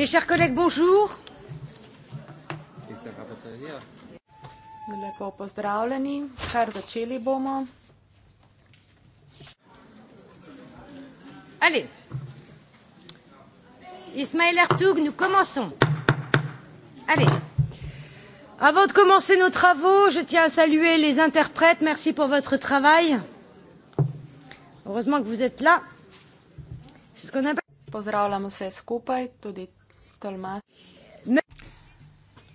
Mes chers collègues, bonjour. Lepo pozdravljeni, kar začeli bomo. Allez. Ismaël Artoug, nous commençons. Allez. Avant de commencer nos travaux, je tiens à saluer les interprètes. Merci pour votre travail. Heureusement que vous êtes là. C'est ce qu'on appelle. Pozdravljamo se skupaj, tudi tolmačenje.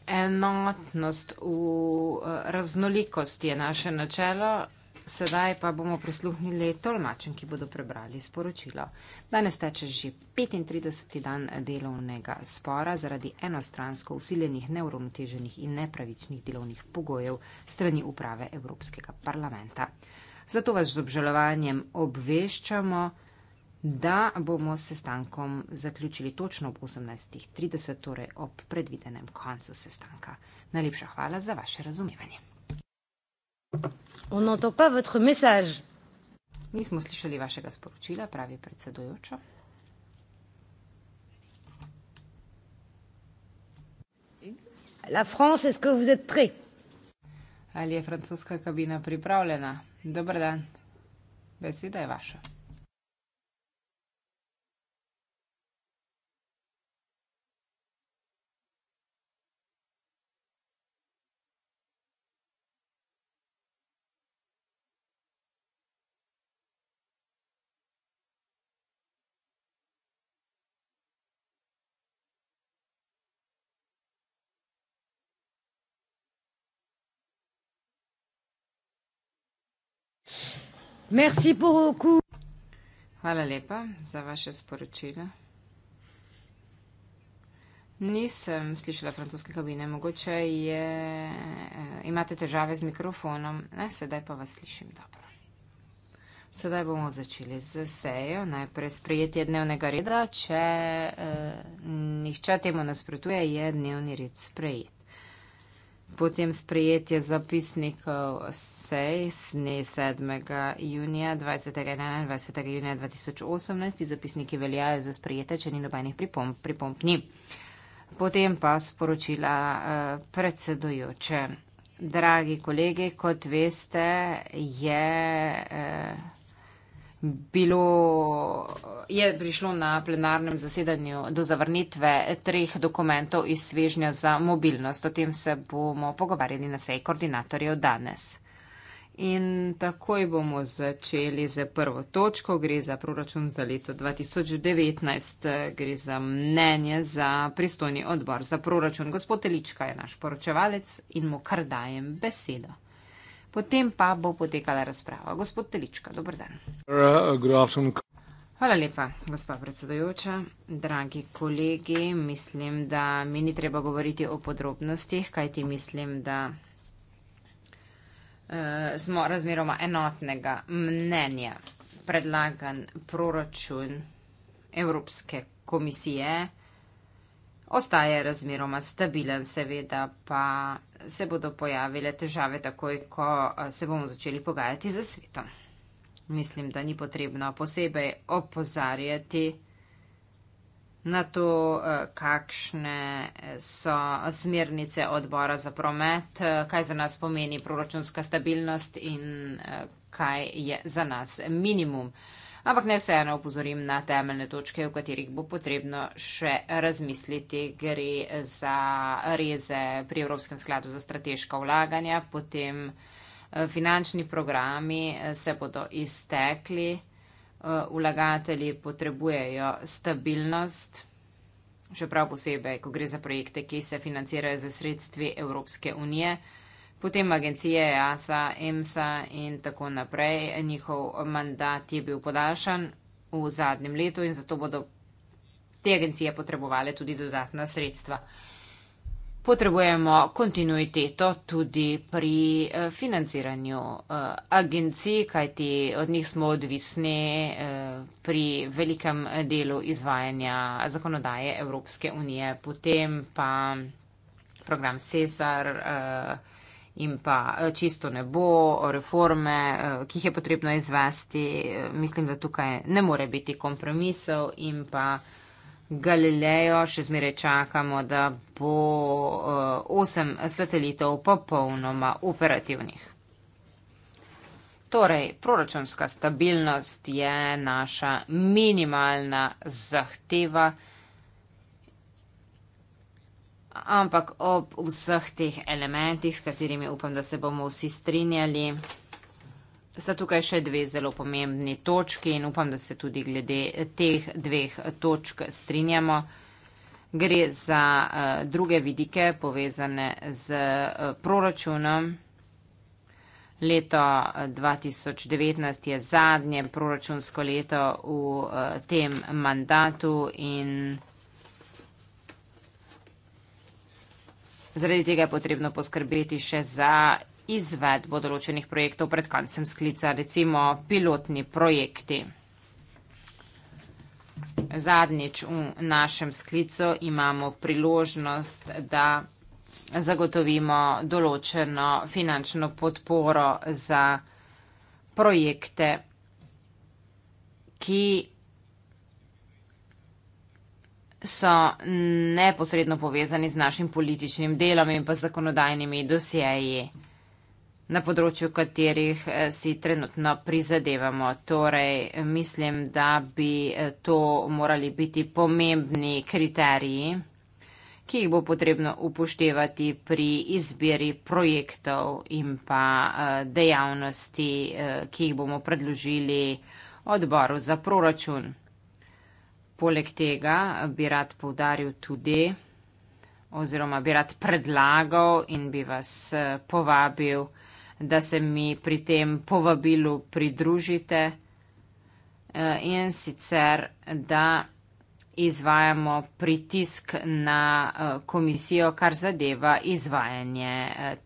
Enotnost v eh, raznolikosti je naše načelo. Sedaj pa bomo prisluhnili tolmačem, ki bodo prebrali sporočilo. Danes teče že 35. dan delovnega spora zaradi enostransko usiljenih, neuromteženih in nepravičnih delovnih pogojev strani uprave Evropskega parlamenta. Zato vas z obžalovanjem obveščamo, da bomo s sestankom zaključili točno ob 18.30, torej ob predvidenem koncu sestanka. Najlepša hvala za vaše razumevanje. Nismo slišali vašega sporočila, pravi predsedujoča. La France, est-ce que vous êtes prêt? Ali je francoska kabina pripravljena? Dobr dan, beseda je vaša. Merci beaucoup. Hvala lepa za vaše sporočilo. Nisem slišala francoske kabine, mogoče je, eh, imate težave z mikrofonom. Ne, sedaj pa vas slišim dobro. Sedaj bomo začeli z sejo, najprej sprejetje dnevnega reda. Če eh, nihče temu nasprotuje, je dnevni red sprejet. Potem sprejetje zapisnikov sej s dne 7. junija 20. in 21. junija 2018. Ti zapisniki veljajo za sprejete, če ni nobenih pripomp, pripomp ni. Potem pa sporočila eh, predsedujoče. Dragi kolegi, kot veste, je. Eh, bilo, je prišlo na plenarnem zasedanju do zavrnitve treh dokumentov iz svežnja za mobilnost. O tem se bomo pogovarjali na sej koordinatorjev danes. In takoj bomo začeli z prvo točko. Gre za proračun za leto 2019. Gre za mnenje za pristojni odbor za proračun. Gospod Telička je naš poročevalec in mu kar dajem besedo. Potem pa bo potekala razprava. Gospod Telička, dober dan. Hvala lepa, gospa predsedojoča. Dragi kolegi, mislim, da mi ni treba govoriti o podrobnostih, kajti mislim, da uh, smo razmeroma enotnega mnenja predlagan proračun Evropske komisije ostaje razmeroma stabilen, seveda pa se bodo pojavile težave takoj, ko eh, se bomo začeli pogajati za svetom. Mislim, da ni potrebno posebej opozarjati na to, eh, kakšne eh, so smernice odbora za promet, kaj za nas pomeni proračunska stabilnost in kaj je za nas minimum ampak ne vseeno upozorim na temeljne točke, v katerih bo potrebno še razmisliti. Gre za reze pri Evropskem skladu za strateška vlaganja, potem eh, finančni programi eh, se bodo iztekli, eh, vlagatelji potrebujejo stabilnost. Še prav posebej, ko gre za projekte, ki se financirajo za sredstvi Evropske unije, uh, Potem agencije EASA, EMSA in tako naprej. Njihov mandat je bil podaljšan v zadnjem letu in zato bodo te agencije potrebovale tudi dodatna sredstva. Potrebujemo kontinuiteto tudi pri eh, financiranju eh, agencij, kajti od njih smo odvisni eh, pri velikem delu izvajanja zakonodaje Evropske unije. Potem pa program Cesar. Uh, in pa eh, čisto ne bo, reforme, eh, ki jih je potrebno izvesti. Eh, mislim, da tukaj ne more biti kompromisov in pa Galilejo še zmeraj čakamo, da bo osem satelitov popolnoma operativnih. Torej, proračunska stabilnost je naša minimalna zahteva. Ampak ob vseh teh elementih, s katerimi upam, da se bomo vsi strinjali, sta tukaj še dve zelo pomembni točki in upam, da se tudi glede teh dveh točk strinjamo. Gre za uh, druge vidike povezane z uh, proračunom. Leto 2019 eh, je zadnje proračunsko leto v uh, tem mandatu in. Zaradi tega je potrebno poskrbeti še za izvedbo določenih projektov pred koncem sklica, recimo pilotni projekti. Zadnjič v našem sklicu imamo priložnost, da zagotovimo določeno finančno podporo za projekte, ki so neposredno povezani z našim političnim delom in pa zakonodajnimi dosjeji, na področju katerih eh, si trenutno prizadevamo. Torej, mislim, da bi eh, to morali biti pomembni kriteriji, ki jih bo potrebno upoštevati pri izbiri projektov in pa eh, dejavnosti, ki jih bomo predložili odboru za proračun. Poleg tega bi rad povdaril tudi, oziroma bi rad predlagal in bi vas eh, povabil, da se mi pri tem povabilu pridružite eh, in sicer, da izvajamo pritisk na eh, komisijo, kar zadeva izvajanje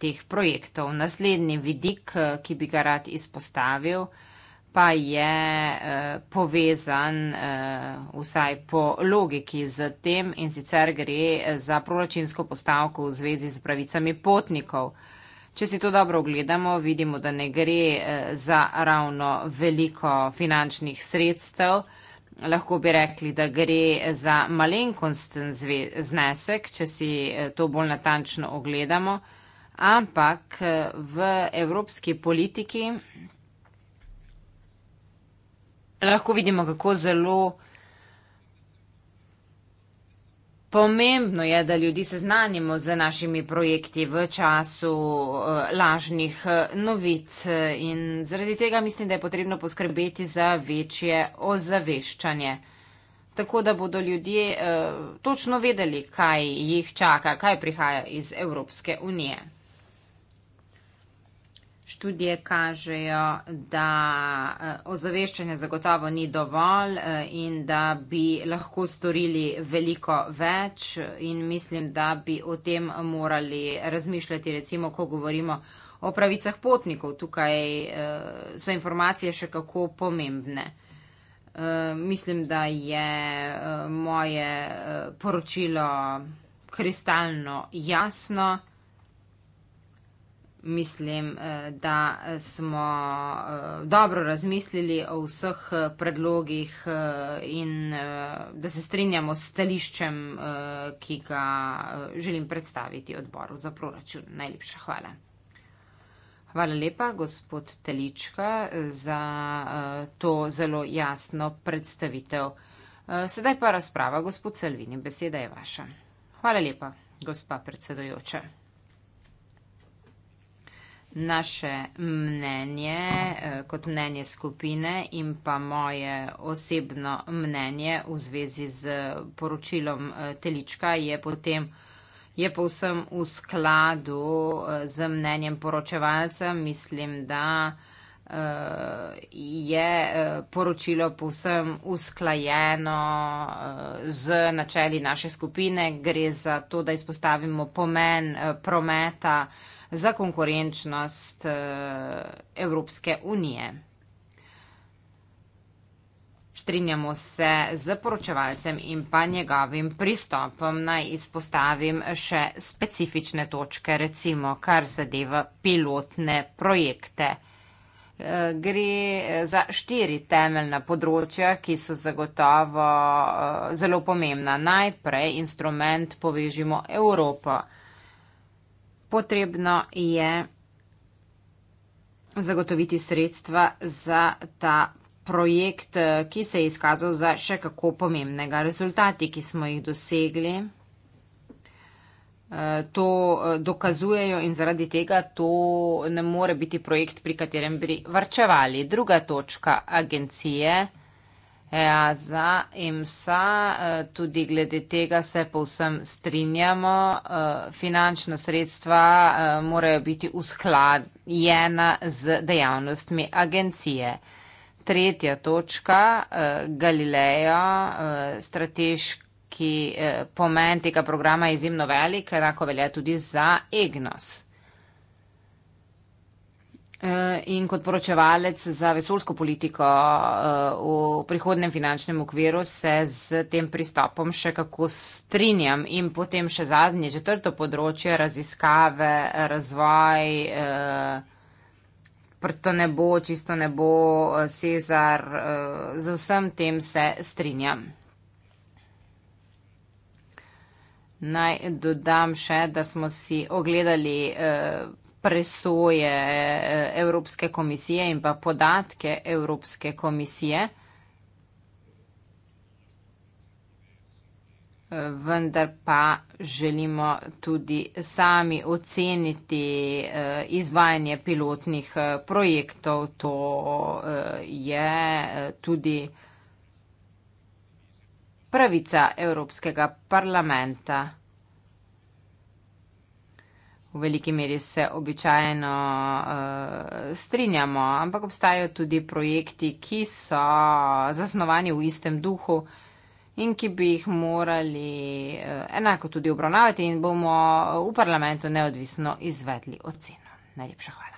teh projektov. Naslednji vidik, ki bi ga rad izpostavil, je, pa je eh, povezan eh, vsaj po logiki z tem in sicer gre eh, za proračunsko postavko v zvezi z pravicami potnikov. Če si to dobro ogledamo, vidimo, da ne gre za ravno veliko finančnih sredstev. Lahko bi rekli, da gre za malenkosten znesek, če si to bolj natančno ogledamo, ampak v evropski politiki lahko vidimo, kako zelo pomembno je, da ljudi seznanimo z našimi projekti v času eh, lažnih eh, novic in zaradi tega mislim, da je potrebno poskrbeti za večje ozaveščanje. Tako da bodo ljudje eh, točno vedeli, kaj jih čaka, kaj prihaja iz Evropske unije študije kažejo, da eh, ozaveščanja zagotovo ni dovolj eh, in da bi lahko storili veliko več in mislim, da bi o tem morali razmišljati, recimo, ko govorimo o pravicah potnikov. Tukaj eh, so informacije še kako pomembne. Mislim, da je moje poročilo kristalno jasno. Mislim, eh, da smo eh, dobro razmislili o vseh eh, predlogih in da se strinjamo s stališčem, ki ga želim predstaviti odboru za proračun. Najlepša hvala. Hvala lepa, gospod Telička, za to zelo jasno predstavitev. Sedaj pa razprava, gospod Selvini, beseda je vaša. Hvala lepa, gospa predsedojoča naše mnenje, eh, kot mnenje skupine in pa moje osebno mnenje v zvezi z eh, poročilom eh, Telička je potem je povsem v skladu z mnenjem poročevalca. Mislim, da je poročilo povsem usklajeno z načeli naše skupine. Gre za to, da izpostavimo pomen prometa za konkurenčnost eh, Evropske unije. Strinjamo se z poročevalcem in pa njegovim pristopom. Naj izpostavim še specifične točke, recimo kar zadeva pilotne projekte. Eh, gre za štiri temeljna področja, ki so zagotovo eh, zelo pomembna. Najprej instrument povežimo Evropo potrebno je zagotoviti sredstva za ta projekt, ki se je izkazal za še kako pomembnega. Rezultati, ki smo jih dosegli, eh, to eh, dokazujejo in zaradi tega to ne more biti projekt, pri katerem bi varčevali. Druga točka agencije je, EASA IMSA, e, tudi glede tega se povsem strinjamo. E, finančna sredstva e, morajo biti usklajena z dejavnostmi agencije. Tretja točka, Galileo, strateški pomen tega programa je izjemno velik, enako velja tudi za EGNOS. Eh, in kot poročevalec za vesolsko politiko eh, v prihodnem finančnem okviru se z tem pristopom še kako strinjam. In potem še zadnje, četrto področje, raziskave, razvoj. Eh, to ne bo, čisto ne bo, Cezar, z vsem tem se strinjam. Naj dodam še, da smo si ogledali presoje eh, Evropske komisije in pa podatke Evropske komisije. Eh, vendar pa želimo tudi sami oceniti eh, izvajanje pilotnih projektov. To je tudi pravica Evropskega parlamenta v veliki meri se običajno uh, strinjamo, ampak obstajajo tudi projekti, ki so zasnovani v istem duhu in ki bi jih morali uh, enako tudi obravnavati in bomo eh, v parlamentu neodvisno izvedli oceno. Najlepša hvala.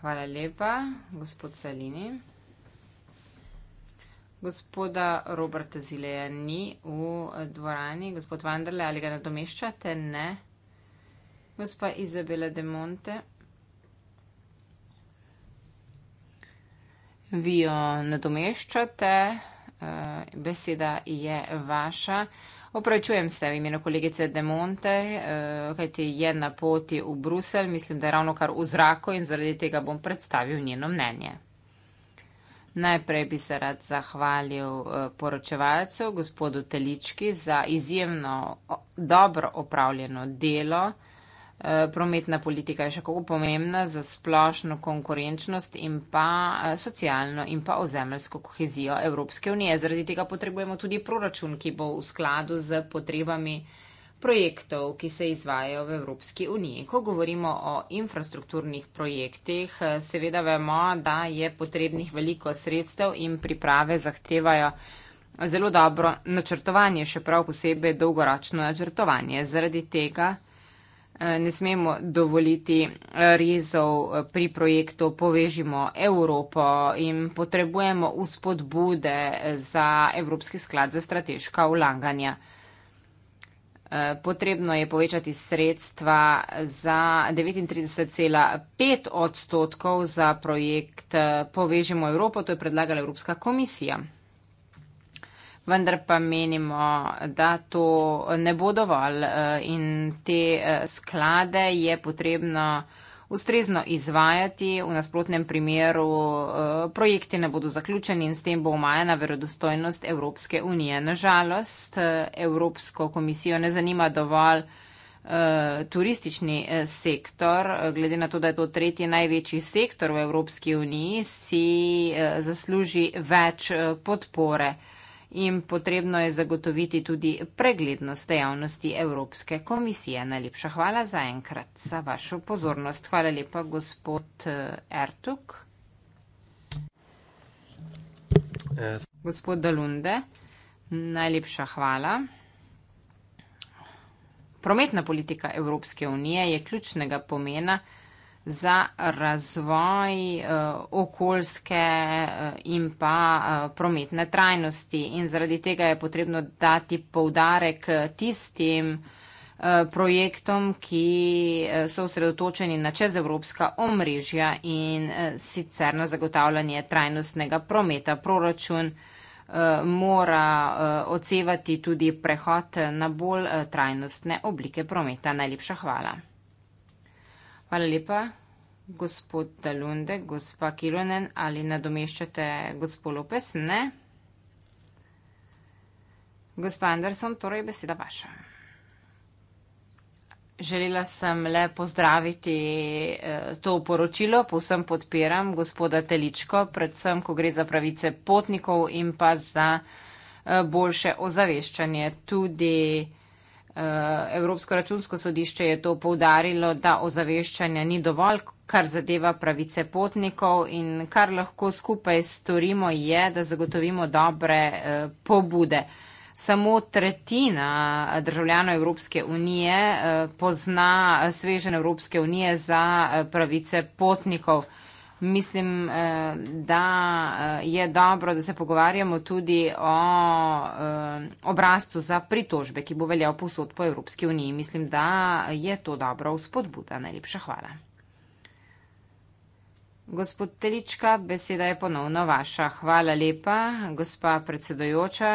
Hvala lepa, gospod Salini. Gospoda Roberta Zileja ni v eh, dvorani. Gospod Vandrle, ali ga nadomeščate? Ne. Gospa Izabela De Monte. Vi jo nadomeščate, eh, beseda je vaša. Opravičujem se v imenu kolegice De Monte, eh, kajti je na poti v Bruselj, mislim, da je ravno kar v zraku in zaradi tega bom predstavil njeno mnenje. Najprej bi se rad zahvalil eh, poročevalcu, gospodu Telički, za izjemno dobro opravljeno delo. Eh, prometna politika je še kako pomembna za splošno konkurenčnost in pa eh, socialno in pa ozemelsko kohezijo Evropske unije. Zaradi tega potrebujemo tudi proračun, ki bo v skladu z potrebami projektov, ki se izvajajo v Evropski uniji. Ko govorimo o infrastrukturnih projektih, seveda vemo, da je potrebnih veliko sredstev in priprave zahtevajo zelo dobro načrtovanje, še prav posebej dolgoročno načrtovanje. Zaradi tega eh, ne smemo dovoliti rezov eh, pri projektu Povežimo Evropo in potrebujemo vzpodbude eh, za Evropski sklad za strateška vlaganja. Eh, potrebno je povečati sredstva za 39,5 odstotkov za projekt eh, Povežimo Evropo, to je predlagala Evropska komisija. Vendar pa menimo, da to ne bo dovolj eh, in te sklade je potrebno ustrezno izvajati, v nasprotnem primeru eh, projekti ne bodo zaključeni in s tem bo omajena verodostojnost Evropske unije. Nažalost, eh, Evropsko komisijo ne zanima dovolj eh, turistični sektor, glede na to, da je to tretji največji sektor v Evropski uniji, si zasluži več podpore in potrebno je zagotoviti tudi preglednost dejavnosti Evropske komisije. Najlepša hvala za enkrat za vašo pozornost. Hvala lepa, gospod eh, Ertuk. Eh. Gospod Dalunde, najlepša hvala. Prometna politika Evropske unije je ključnega pomena, za razvoj eh, okoljske eh, in pa eh, prometne trajnosti. In zaradi tega je potrebno dati poudarek tistim projektom, ki so osredotočeni na čezevropska omrežja in sicer na zagotavljanje trajnostnega prometa. Proračun mora odsevati tudi prehod na bolj trajnostne oblike prometa. Najlepša hvala. Hvala lepa. Gospod Talunde, gospa Kilonen, ali nadomeščate gospod Lopes? Ne. Gospa Anderson, torej beseda vaša. Želela sem le pozdraviti eh, to poročilo, povsem podpiram gospoda Teličko, predvsem, ko gre za pravice potnikov in pa za eh, boljše ozaveščanje tudi. Evropsko računsko sodišče je to povdarilo, da ozaveščanja ni dovolj, kar zadeva pravice potnikov in kar lahko skupaj storimo je, da zagotovimo dobre eh, pobude. Samo tretjina državljanov Evropske unije eh, pozna sveženje Evropske unije za eh, pravice potnikov. Mislim, eh, da eh, je dobro, da se pogovarjamo tudi o eh, obrazcu za pritožbe, ki bo veljal posod po Evropski uniji. Mislim, da je to dobro vzpodbuda. Najlepša hvala. Gospod Telička, beseda je ponovno vaša. Hvala lepa, gospa predsedojoča.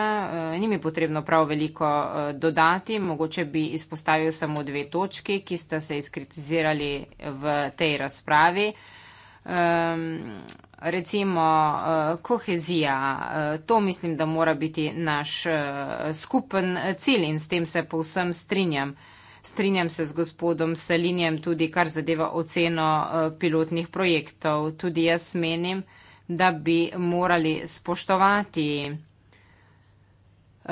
Ni mi potrebno prav veliko dodati. Mogoče bi izpostavil samo dve točki, ki sta se izkritizirali v tej razpravi um, recimo uh, kohezija, uh, to mislim, da mora biti naš uh, skupen cilj in s tem se povsem strinjam. Strinjam se z gospodom Salinjem tudi, kar zadeva oceno pilotnih projektov. Tudi jaz menim, da bi morali spoštovati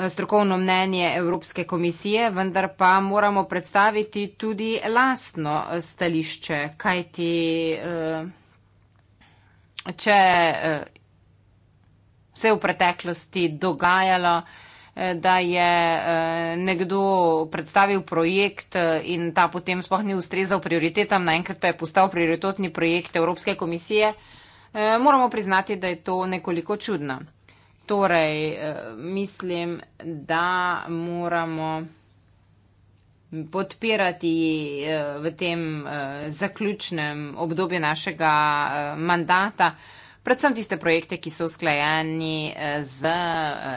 strokovno mnenje Evropske komisije, vendar pa moramo predstaviti tudi lastno stališče, kajti. Uh, če uh, se je v preteklosti dogajalo, eh, da je eh, nekdo predstavil projekt in ta potem spoh ni ustrezal prioritetam, naenkrat pa je postal prioritetni projekt Evropske komisije, moramo priznati, da je to nekoliko čudno. Torej, mislim, da moramo podpirati eh, v tem eh, zaključnem obdobju našega eh, mandata, predvsem tiste projekte, ki so usklajeni z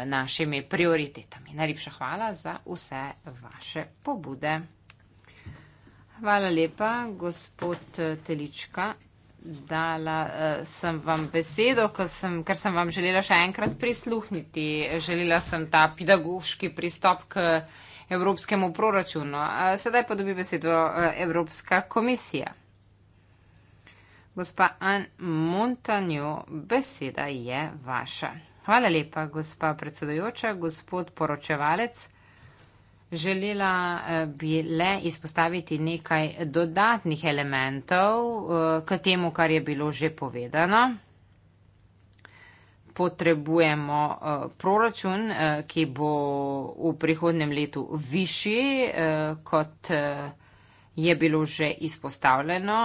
našimi prioritetami. Najlepša hvala za vse vaše pobude. Hvala lepa, gospod Telička. Dala sem vam besedo, ker sem, ker sem vam želela še enkrat prisluhniti. Želela sem ta pedagoški pristop k evropskemu proračunu. Sedaj pa dobi besedo e, Evropska komisija. Gospa Ann Montanjo, beseda je vaša. Hvala lepa, gospa predsedojoča, gospod poročevalec. Želela e, bi le izpostaviti nekaj dodatnih elementov e, k temu, kar je bilo že povedano potrebujemo eh, proračun, eh, ki bo v prihodnem letu višji, eh, kot je bilo že izpostavljeno.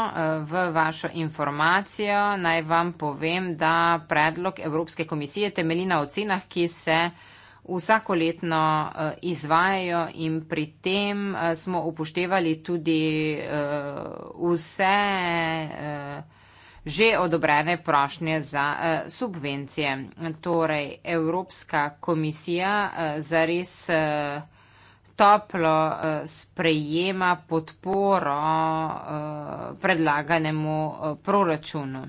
V vašo informacijo naj vam povem, da predlog Evropske komisije temelji na ocenah, ki se vsakoletno izvajajo in pri tem smo upoštevali tudi vse že odobrene prošnje za eh, subvencije. Torej, Evropska komisija eh, zares eh, toplo sprejema podporo predlaganemu proračunu.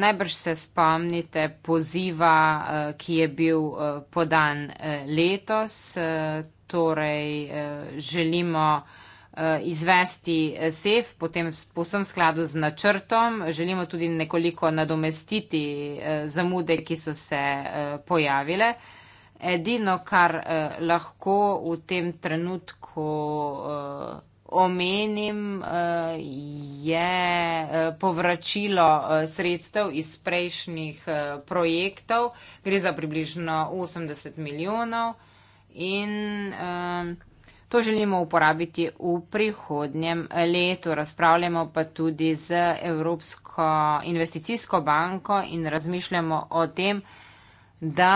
Najbrž se spomnite poziva, ki je bil podan letos, torej želimo Eh, izvesti eh, SEF, potem posem skladu z načrtom. Želimo tudi nekoliko nadomestiti eh, zamude, ki so se pojavile. Edino, kar lahko v tem trenutku omenim, je povračilo sredstev iz prejšnjih projektov. Gre za približno 80 milijonov. In, To želimo uporabiti v prihodnjem letu. Razpravljamo pa tudi z Evropsko investicijsko banko in razmišljamo o tem, da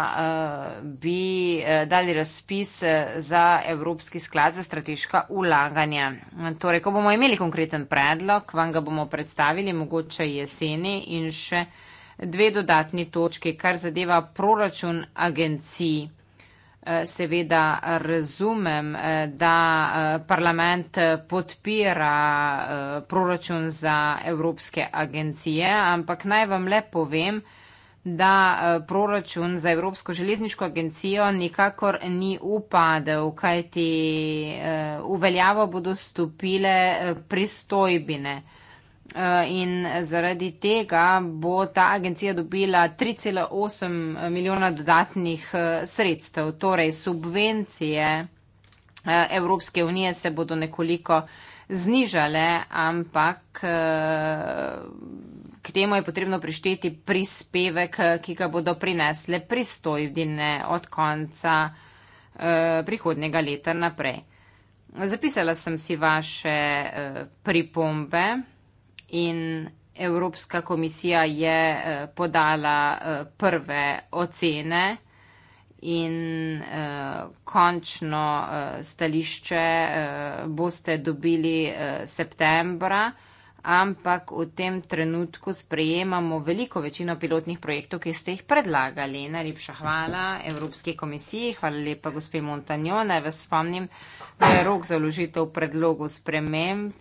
eh, bi eh, dali razpis eh, za Evropski sklad za strateška ulaganja. Torej, ko bomo imeli konkreten predlog, vam ga bomo predstavili mogoče jeseni in še dve dodatni točki, kar zadeva proračun agencij. Eh, seveda razumem, eh, da eh, parlament podpira proračun za evropske agencije, ampak naj vam le povem, da proračun za Evropsko železniško agencijo nikakor ni upadel, kajti uveljavo bodo stopile pristojbine. Eh, in zaradi tega bo ta agencija dobila 3,8 milijona dodatnih eh, sredstev. Torej, subvencije eh, Evropske unije se bodo nekoliko znižale, ampak k temu je potrebno prišteti prispevek, ki ga bodo prinesle pristojbine od konca prihodnega leta naprej. Zapisala sem si vaše pripombe in Evropska komisija je eh, podala eh, prve ocene in eh, končno stališče boste dobili septembra, ampak v tem trenutku sprejemamo veliko večino pilotnih projektov, ki ste jih predlagali. Najlepša hvala Evropski komisiji, hvala lepa gospe Montagnone, vas spomnim, da je rok za vložitev predlogov sprememb.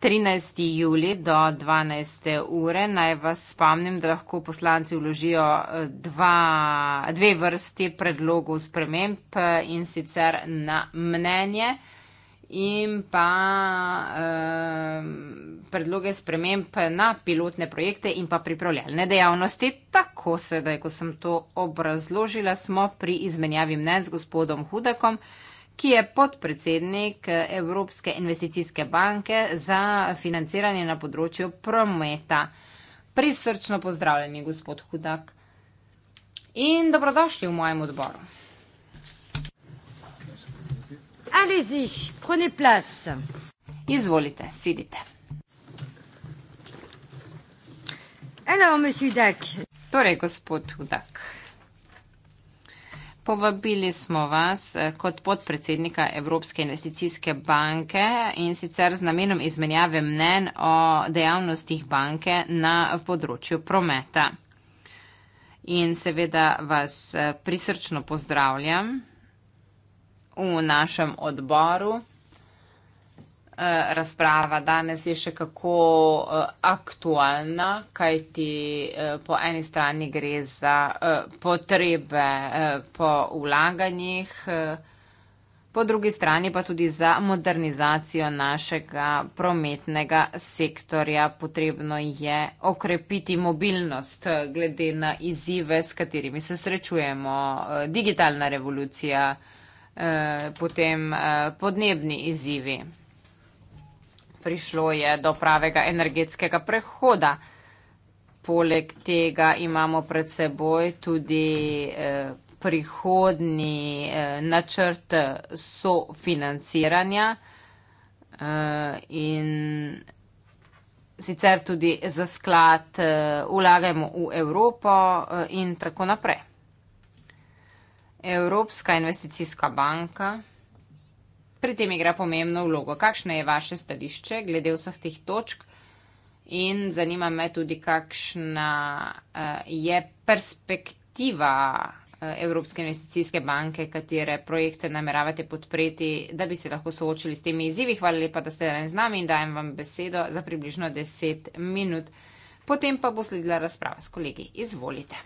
13. juli do 12. ure. Naj vas spomnim, da lahko poslanci vložijo eh, dva, dve vrsti predlogov sprememb eh, in sicer na mnenje in pa eh, predloge sprememb na pilotne projekte in pa pripravljalne dejavnosti. Tako sedaj, ko sem to obrazložila, smo pri izmenjavi mnen z gospodom Hudakom ki je podpredsednik Evropske investicijske banke za financiranje na področju prometa. Prisrčno pozdravljeni, gospod Hudak. In dobrodošli v mojem odboru. Alezi, prene plas. Izvolite, sedite. Alors, monsieur Dac. Torej, gospod Hudak. Povabili smo vas eh, kot podpredsednika Evropske investicijske banke in sicer z namenom izmenjave mnen o dejavnostih banke na področju prometa. In seveda vas eh, prisrčno pozdravljam v našem odboru. Eh, razprava danes je še kako eh, aktualna, kaj ti eh, po eni strani gre za potrebe po vlaganjih, po drugi strani pa tudi za modernizacijo našega prometnega sektorja. Potrebno je okrepiti mobilnost glede na izzive, s katerimi se srečujemo. Digitalna revolucija. Potem podnebni izzivi prišlo je do pravega energetskega prehoda. Poleg tega imamo pred seboj tudi eh, prihodni eh, načrt sofinanciranja eh, in sicer tudi za sklad Ulagajmo v Evropo in tako naprej. Evropska investicijska banka pri tem igra pomembno vlogo. Kakšno je vaše stališče glede vseh teh točk? In zanima me tudi, kakšna uh, je perspektiva uh, Evropske investicijske banke, katere projekte nameravate podpreti, da bi se lahko soočili s temi izzivi. Hvala lepa, da ste danes z nami in dajem vam besedo za približno 10 minut. Potem pa bo sledila razprava s kolegi. Izvolite.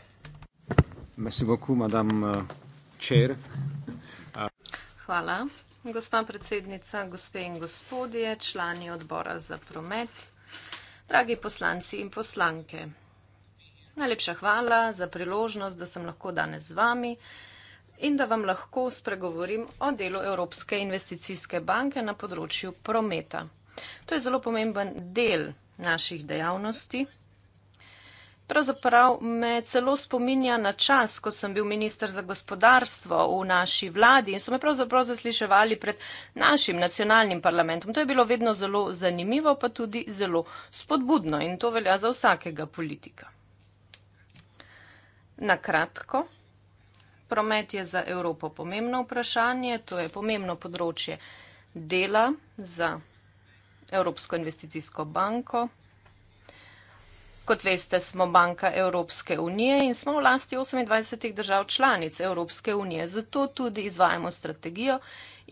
Eh, Hvala. Gospa predsednica, gospe in gospodje, člani odbora za promet, dragi poslanci in poslanke. Najlepša hvala za priložnost, da sem lahko danes z vami in da vam lahko spregovorim o delu Evropske investicijske banke na področju prometa. To je zelo pomemben del naših dejavnosti, Pravzaprav me celo spominja na čas, ko sem bil minister za gospodarstvo v naši vladi in so me pravzaprav zasliševali pred našim nacionalnim parlamentom. To je bilo vedno zelo zanimivo, pa tudi zelo spodbudno in to velja za vsakega politika. Na kratko, promet je za Evropo pomembno vprašanje, to je pomembno področje dela za Evropsko investicijsko banko. Kot veste, smo banka Evropske unije in smo v lasti 28 držav članic Evropske unije, zato tudi izvajamo strategijo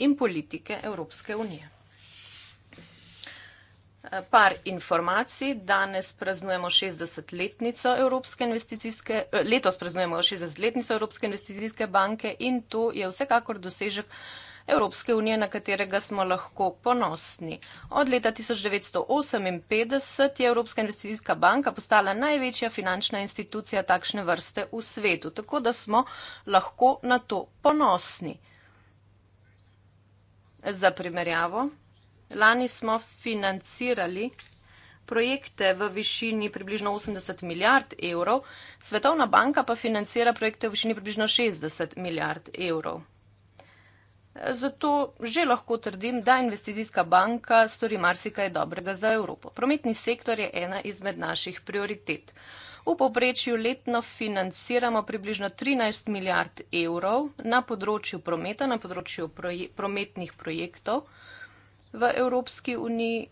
in politike Evropske unije. Par informacij. Danes praznujemo 60-letnico Evropske investicijske, letos praznujemo 60-letnico Evropske investicijske banke in to je vsekakor dosežek Evropske unije, na katerega smo lahko ponosni. Od leta 1958 je Evropska investicijska banka postala največja finančna institucija takšne vrste v svetu, tako da smo lahko na to ponosni. Za primerjavo, lani smo financirali projekte v višini približno 80 milijard evrov, Svetovna banka pa financira projekte v višini približno 60 milijard evrov zato že lahko trdim, da investicijska banka stori marsikaj dobrega za Evropo. Prometni sektor je ena izmed naših prioritet. V povprečju letno financiramo približno 13 milijard evrov na področju prometa, na področju proje prometnih projektov v Evropski uniji.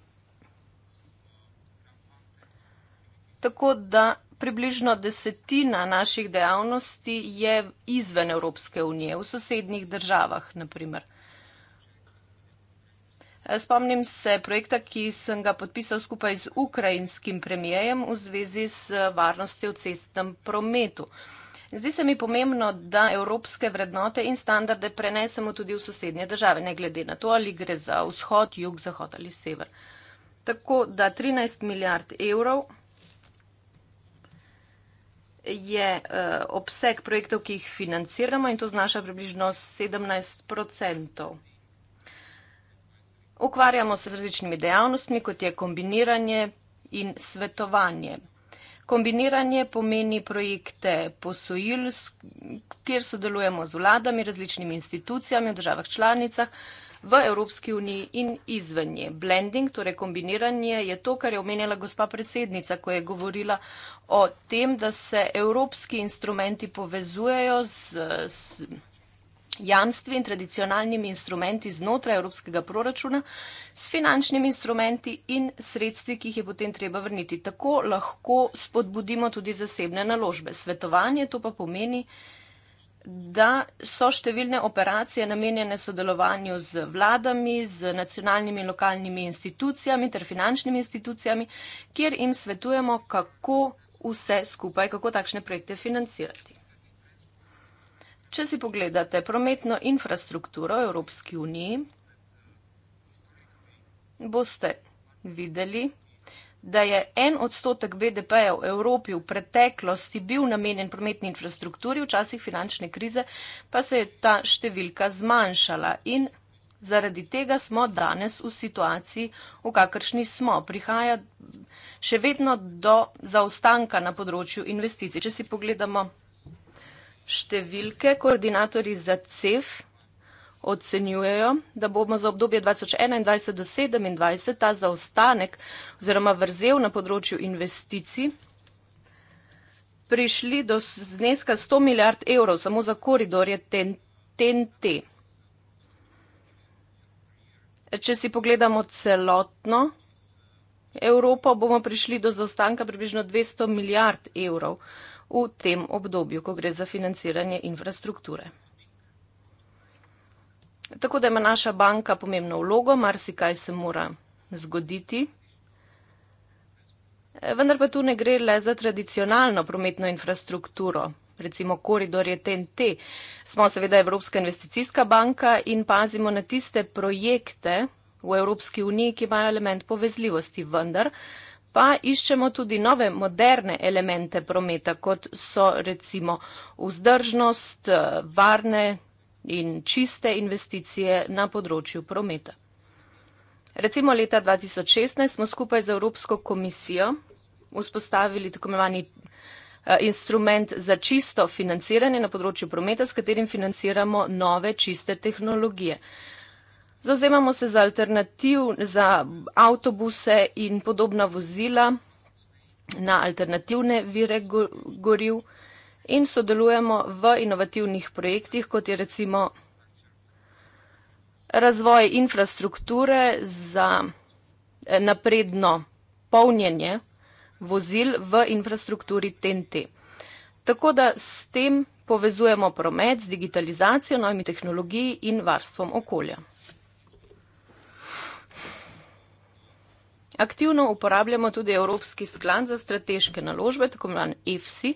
Tako da približno desetina naših dejavnosti je izven Evropske unije, v sosednjih državah, naprimer. Spomnim se projekta, ki sem ga podpisal skupaj z ukrajinskim premijejem v zvezi s varnostjo v cestnem prometu. Zdi se mi pomembno, da evropske vrednote in standarde prenesemo tudi v sosednje države, ne glede na to, ali gre za vzhod, jug, zahod ali sever. Tako da 13 milijard evrov je eh, obseg projektov, ki jih financiramo in to znaša približno 17 procentov. Ukvarjamo se z različnimi dejavnostmi, kot je kombiniranje in svetovanje. Kombiniranje pomeni projekte posojil, kjer sodelujemo z vladami, različnimi institucijami v državah članicah, v Evropski uniji in izven nje. Blending, torej kombiniranje, je to, kar je omenjala gospa predsednica, ko je govorila o tem, da se evropski instrumenti povezujejo z. z jamstvi in tradicionalnimi instrumenti znotraj evropskega proračuna s finančnimi instrumenti in sredstvi, ki jih je potem treba vrniti. Tako lahko spodbudimo tudi zasebne naložbe. Svetovanje to pa pomeni, da so številne operacije namenjene sodelovanju z vladami, z nacionalnimi in lokalnimi institucijami ter finančnimi institucijami, kjer jim svetujemo, kako vse skupaj, kako takšne projekte financirati. Če si pogledate prometno infrastrukturo Evropski uniji, boste videli, da je en odstotek BDP-ja v Evropi v preteklosti bil namenjen prometni infrastrukturi, v časih finančne krize pa se je ta številka zmanjšala in zaradi tega smo danes v situaciji, v kakršni smo. Prihaja še vedno do zaostanka na področju investicij. Če si pogledamo številke, koordinatori za CEF ocenjujejo, da bomo za obdobje 2021 do 2027 ta zaostanek oziroma vrzel na področju investicij prišli do zneska 100 milijard evrov samo za koridorje TNT. Če si pogledamo celotno Evropo, bomo prišli do zaostanka približno 200 milijard evrov v tem obdobju, ko gre za financiranje infrastrukture. Tako da ima naša banka pomembno vlogo, marsikaj se mora zgoditi. Eh, vendar pa tu ne gre le za tradicionalno prometno infrastrukturo, recimo koridorje TNT. Smo seveda Evropska investicijska banka in pazimo na tiste projekte v Evropski uniji, ki imajo element povezljivosti, vendar pa iščemo tudi nove moderne elemente prometa, kot so recimo vzdržnost, eh, varne in čiste investicije na področju prometa. Recimo leta 2016 smo skupaj z Evropsko komisijo vzpostavili tako imenovani eh, instrument za čisto financiranje na področju prometa, s katerim financiramo nove čiste tehnologije. Zauzemamo se za alternativ za avtobuse in podobna vozila na alternativne vire goriv in sodelujemo v inovativnih projektih, kot je recimo razvoj infrastrukture za eh, napredno polnjenje vozil v infrastrukturi TNT. Tako da s tem povezujemo promet z digitalizacijo, novimi tehnologiji in varstvom okolja. Aktivno uporabljamo tudi Evropski sklad za strateške naložbe, tako imenovan EFSI,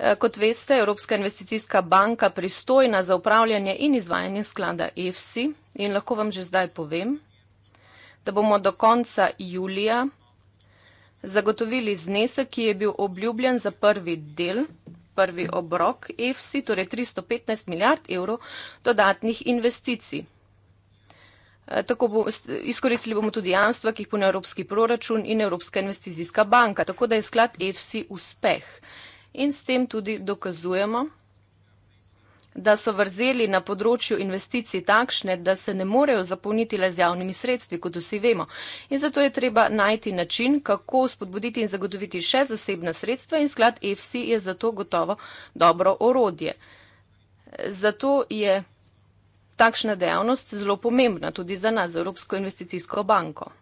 Eh, kot veste, Evropska investicijska banka pristojna za upravljanje in izvajanje sklada EFSI in lahko vam že zdaj povem, da bomo do konca julija zagotovili znesek, ki je bil obljubljen za prvi del, prvi obrok EFSI, torej 315 milijard evrov dodatnih investicij. Eh, tako bo, izkoristili bomo tudi jamstva, ki jih pune Evropski proračun in Evropska investicijska banka. Tako da je sklad EFSI uspeh in s tem tudi dokazujemo, da so vrzeli na področju investicij takšne, da se ne morejo zapolniti le z javnimi sredstvi, kot vsi vemo. In zato je treba najti način, kako spodbuditi in zagotoviti še zasebna sredstva in sklad EFSI je zato gotovo dobro orodje. Zato je takšna dejavnost zelo pomembna tudi za nas, Evropsko investicijsko banko.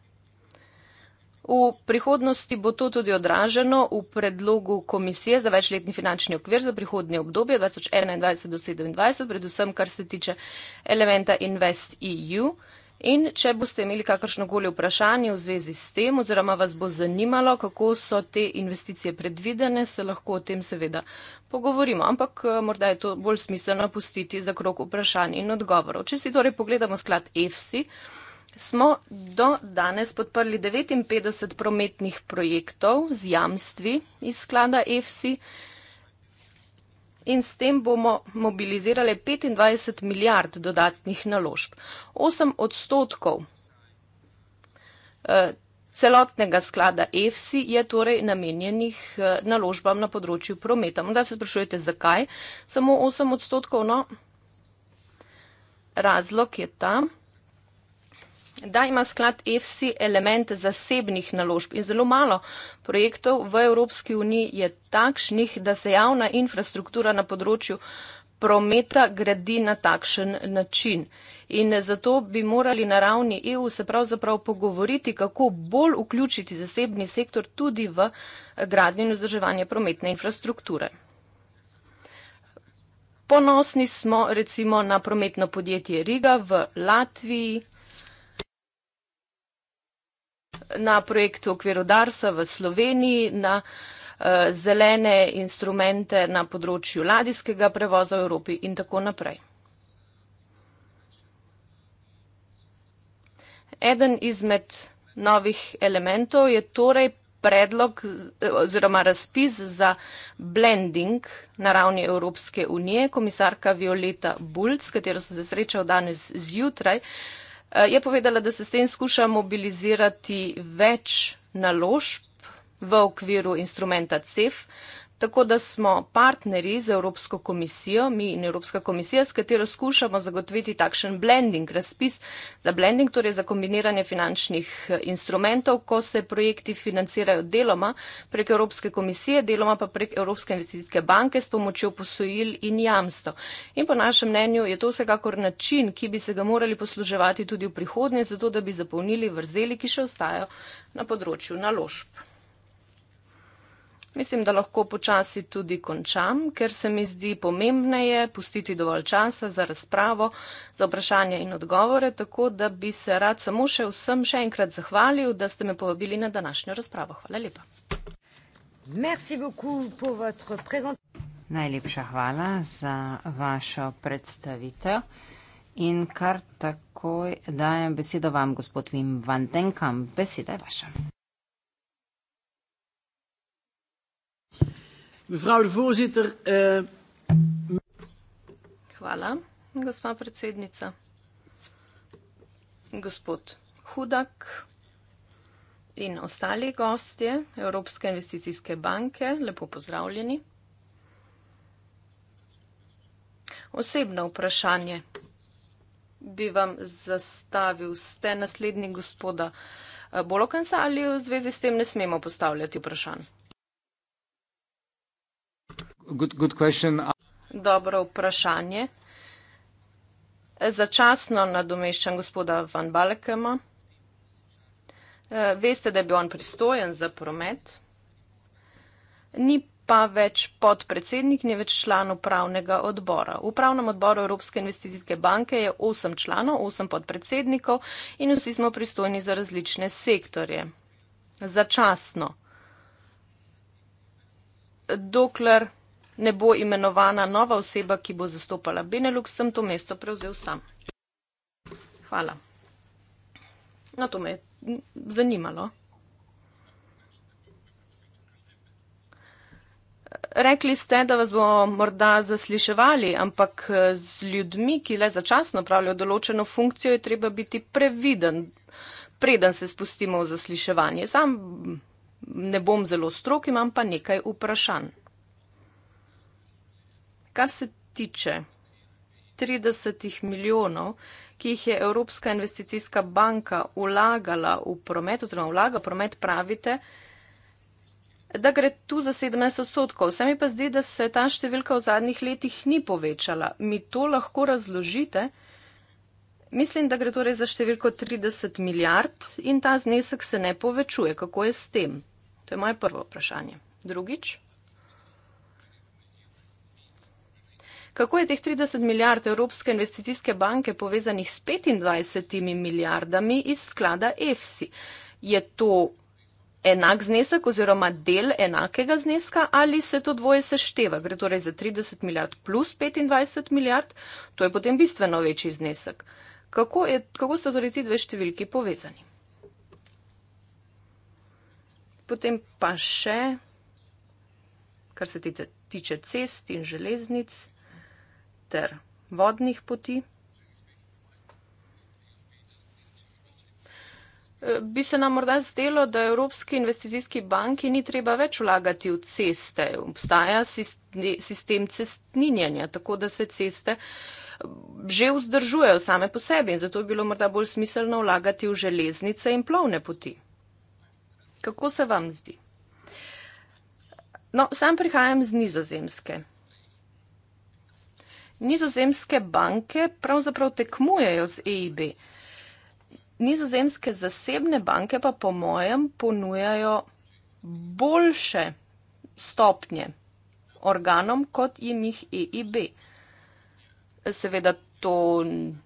V prihodnosti bo to tudi odraženo v predlogu komisije za večletni finančni okvir za prihodnje obdobje 2021 do 2027, predvsem kar se tiče elementa Invest EU. In če boste imeli kakršnokoli vprašanje v zvezi s tem oziroma vas bo zanimalo, kako so te investicije predvidene, se lahko o tem seveda pogovorimo. Ampak eh, morda je to bolj smiselno pustiti za krok vprašanj in odgovorov. Če si torej pogledamo sklad EFSI, smo do danes podprli 59 prometnih projektov z jamstvi iz sklada EFSI in s tem bomo mobilizirali 25 milijard dodatnih naložb. 8 odstotkov eh, celotnega sklada EFSI je torej namenjenih eh, naložbam na področju prometa. Morda se sprašujete, zakaj samo 8 odstotkov, no, razlog je tam, da ima sklad EFSI element zasebnih naložb in zelo malo projektov v Evropski uniji je takšnih, da se javna infrastruktura na področju prometa gradi na takšen način. In zato bi morali na ravni EU se pravzaprav pogovoriti, kako bolj vključiti zasebni sektor tudi v gradnjo in vzdrževanje prometne infrastrukture. Ponosni smo recimo na prometno podjetje Riga v Latviji, na projektu Okvirodarsa v Sloveniji, na uh, zelene instrumente na področju ladijskega prevoza v Evropi in tako naprej. Eden izmed novih elementov je torej predlog oziroma razpis za blending na ravni Evropske unije. Komisarka Violeta Bulc, s katero sem se srečal danes zjutraj, uh, Eh, je povedala, da se s tem skuša mobilizirati več naložb v okviru instrumenta CEF, Tako da smo partnerji z Evropsko komisijo, mi in Evropska komisija, s katero skušamo zagotoviti takšen blending, razpis za blending, torej za kombiniranje finančnih eh, instrumentov, ko se projekti financirajo deloma prek Evropske komisije, deloma pa prek Evropske investicijske banke s pomočjo posojil in jamstv. In po našem mnenju je to vsekakor način, ki bi se ga morali posluževati tudi v prihodnje, zato da bi zapolnili vrzeli, ki še ostajajo na področju naložb. Mislim, da lahko počasi tudi končam, ker se mi zdi pomembneje pustiti dovolj časa za razpravo, za vprašanje in odgovore, tako da bi se rad samo še vsem še enkrat zahvalil, da ste me povabili na današnjo razpravo. Hvala lepa. Najlepša hvala za vašo predstavitev in kar takoj dajem besedo vam, gospod Vim Vandenkam. Beseda je vaša. Mevrouw de voorzitter. Uh... Hvala, gospa predsednica. Gospod Hudak in ostali gostje Evropske investicijske banke, lepo pozdravljeni. Osebno vprašanje bi vam zastavil. Ste naslednji gospoda eh, Bolokansa ali v zvezi s tem ne smemo postavljati vprašanj? Dobro vprašanje. Začasno nadomeščam gospoda Van Balkema. E, veste, da je bil on pristojen za promet, ni pa več podpredsednik, ni več član upravnega odbora. V upravnem odboru Evropske investicijske banke je osem članov, osem podpredsednikov in vsi smo pristojni za različne sektorje. Začasno. Dokler ne bo imenovana nova oseba, ki bo zastopala Benelux, sem to mesto prevzel sam. Hvala. Na no, to me je zanimalo. Rekli ste, da vas bomo morda zasliševali, ampak eh, z ljudmi, ki le začasno pravijo določeno funkcijo, je treba biti previden, preden se spustimo v zasliševanje. Sam ne bom zelo strok, imam pa nekaj vprašanj. Kar se tiče 30 milijonov, ki jih je Evropska investicijska banka vlagala v promet, oziroma vlaga promet, pravite, da gre tu za 17 odstotkov. Se mi pa zdi, da se ta številka v zadnjih letih ni povečala. Mi to lahko razložite? Mislim, da gre torej za številko 30 milijard in ta znesek se ne povečuje. Kako je s tem? To je moje prvo vprašanje. Drugič. Kako je teh 30 milijard Evropske investicijske banke povezanih s 25 milijardami iz sklada EFSI? Je to enak znesek oziroma del enakega zneska ali se to dvoje sešteva? Gre torej za 30 milijard plus 25 milijard, to je potem bistveno večji znesek. Kako, je, kako so torej ti dve številki povezani? Potem pa še, kar se tiče cest in železnic ter vodnih poti. E, bi se nam morda zdelo, da Evropski investicijski banki ni treba več vlagati v ceste. Obstaja sistem cestninjanja, tako da se ceste e, že vzdržujejo same po sebi in zato bi bilo morda bolj smiselno vlagati v železnice in plovne poti. Kako se vam zdi? No, sam prihajam z nizozemske nizozemske banke pravzaprav tekmujejo z EIB. Nizozemske zasebne banke pa po mojem ponujajo boljše stopnje organom, kot jim jih EIB. Seveda to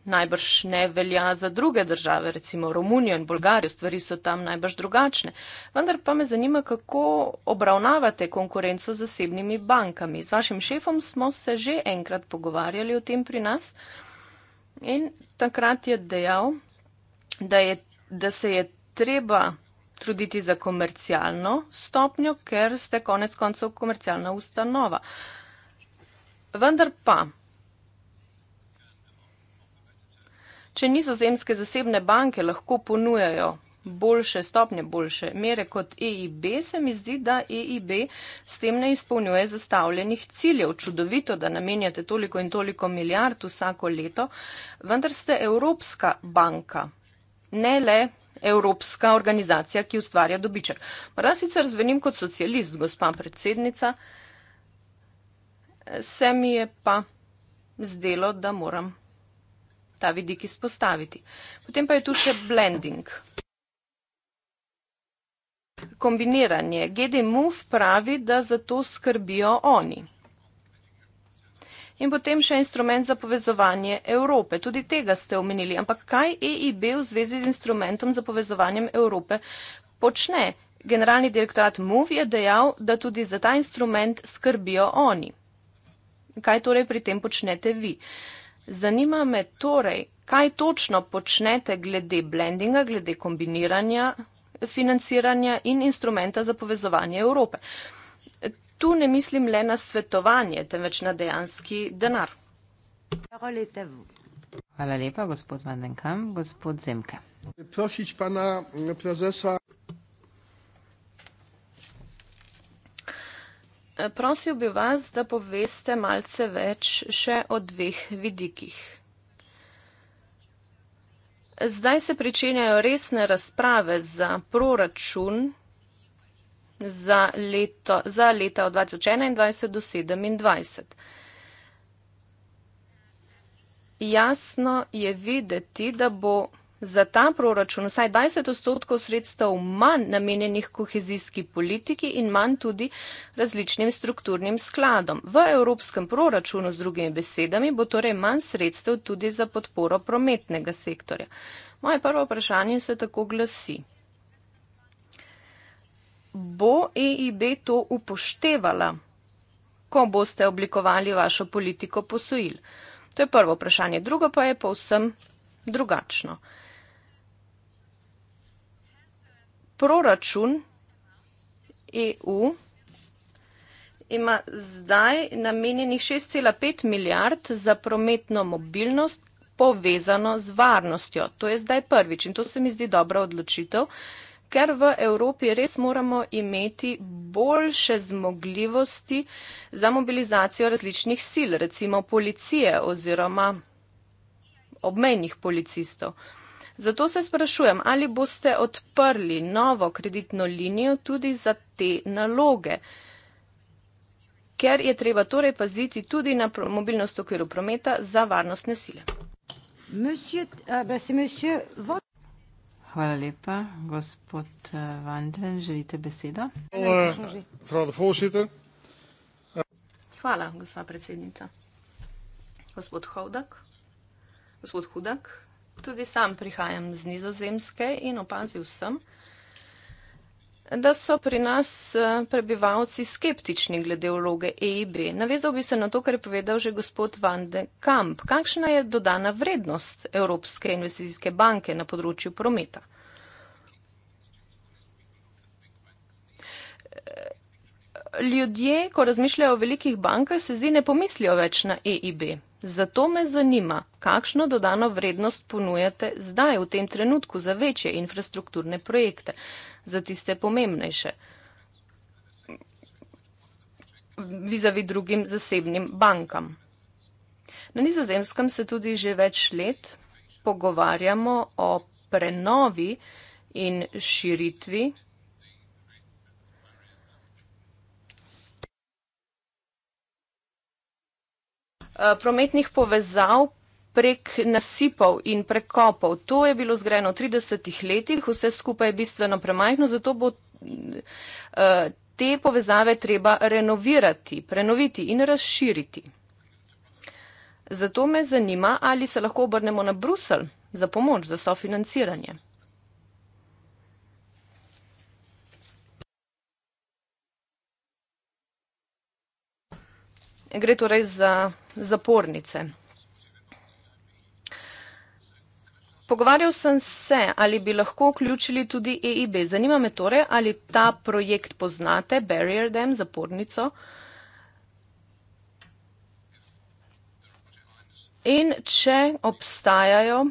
najbrž ne velja za druge države, recimo Romunijo in Bolgarijo, stvari so tam najbrž drugačne. Vendar pa me zanima, kako obravnavate konkurenco z zasebnimi bankami. Z vašim šefom smo se že enkrat pogovarjali o tem pri nas in takrat je dejal, da, je, da se je treba truditi za komercialno stopnjo, ker ste konec koncev komercialna ustanova. Vendar pa, Če nizozemske zasebne banke lahko ponujajo boljše stopnje, boljše mere kot EIB, se mi zdi, da EIB s tem ne izpolnjuje zastavljenih ciljev. Čudovito, da namenjate toliko in toliko milijard vsako leto, vendar ste Evropska banka, ne le Evropska organizacija, ki ustvarja dobiček. Morda sicer zvenim kot socialist, gospa predsednica, se mi je pa zdelo, da moram ta vidik izpostaviti. Potem pa je tu še blending. Kombiniranje. Gedi Muf pravi, da za to skrbijo oni. In potem še instrument za povezovanje Evrope. Tudi tega ste omenili. Ampak kaj EIB v zvezi z instrumentom za povezovanjem Evrope počne? Generalni direktorat MUV je dejal, da tudi za ta instrument skrbijo oni. Kaj torej pri tem počnete vi? Uh, Zanima me torej, kaj točno počnete glede blendinga, glede kombiniranja financiranja in instrumenta za povezovanje Evrope. Tu ne mislim le na svetovanje, temveč na dejanski denar. Hvala lepa, gospod Vandenkam, gospod Zemke. Prosič pana prezesa. Eh, prosil bi vas, da poveste malce več še o dveh vidikih. Zdaj se pričenjajo resne razprave za proračun za, leto, za leta od 2021 do 2027. Jasno je videti, da bo za ta proračun vsaj 20 odstotkov sredstev manj namenjenih kohezijski politiki in manj tudi različnim strukturnim skladom. V evropskem proračunu, z drugimi besedami, bo torej manj sredstev tudi za podporo prometnega sektorja. Moje prvo vprašanje se tako glasi. Bo EIB to upoštevala, ko boste oblikovali vašo politiko posojil? To je prvo vprašanje. Drugo pa je povsem drugačno. proračun EU ima zdaj namenjenih 6,5 milijard za prometno mobilnost povezano z varnostjo. To je zdaj prvič in to se mi zdi dobra odločitev, ker v Evropi res moramo imeti boljše zmogljivosti za mobilizacijo različnih sil, recimo policije oziroma obmejnih policistov. Zato se sprašujem, ali boste odprli novo kreditno linijo tudi za te naloge, ker je treba torej paziti tudi na mobilnost v okviru prometa za varnostne sile. Ah, hvala lepa, gospod eh, Vandren, želite besedo? Hvala, gospa predsednica. Gospod Hovdak, gospod Hudak, tudi sam prihajam z nizozemske in opazil sem, da so pri nas eh, prebivalci skeptični glede vloge EIB. Navezal bi se na to, kar je povedal že gospod Van de Kamp. Kakšna je dodana vrednost Evropske investicijske banke na področju prometa? Eh, ljudje, ko razmišljajo o velikih bankah, se zdi ne pomislijo več na EIB. Zato me zanima, kakšno dodano vrednost ponujate zdaj v tem trenutku za večje infrastrukturne projekte, za tiste pomembnejše, vizavi drugim zasebnim bankam. Na nizozemskem se tudi že več let pogovarjamo o prenovi in širitvi Eh, prometnih povezav prek nasipov in prekopov. To je bilo zgrajeno v 30-ih letih, vse skupaj je bistveno premajhno, zato bo eh, te povezave treba renovirati, prenoviti in razširiti. Zato me zanima, ali se lahko obrnemo na Brusel za pomoč, za sofinanciranje. Gre torej za zapornice. Pogovarjal sem se, ali bi lahko vključili tudi EIB. Zanima me torej, ali ta projekt poznate, Barrier Dam, zapornico. In če obstajajo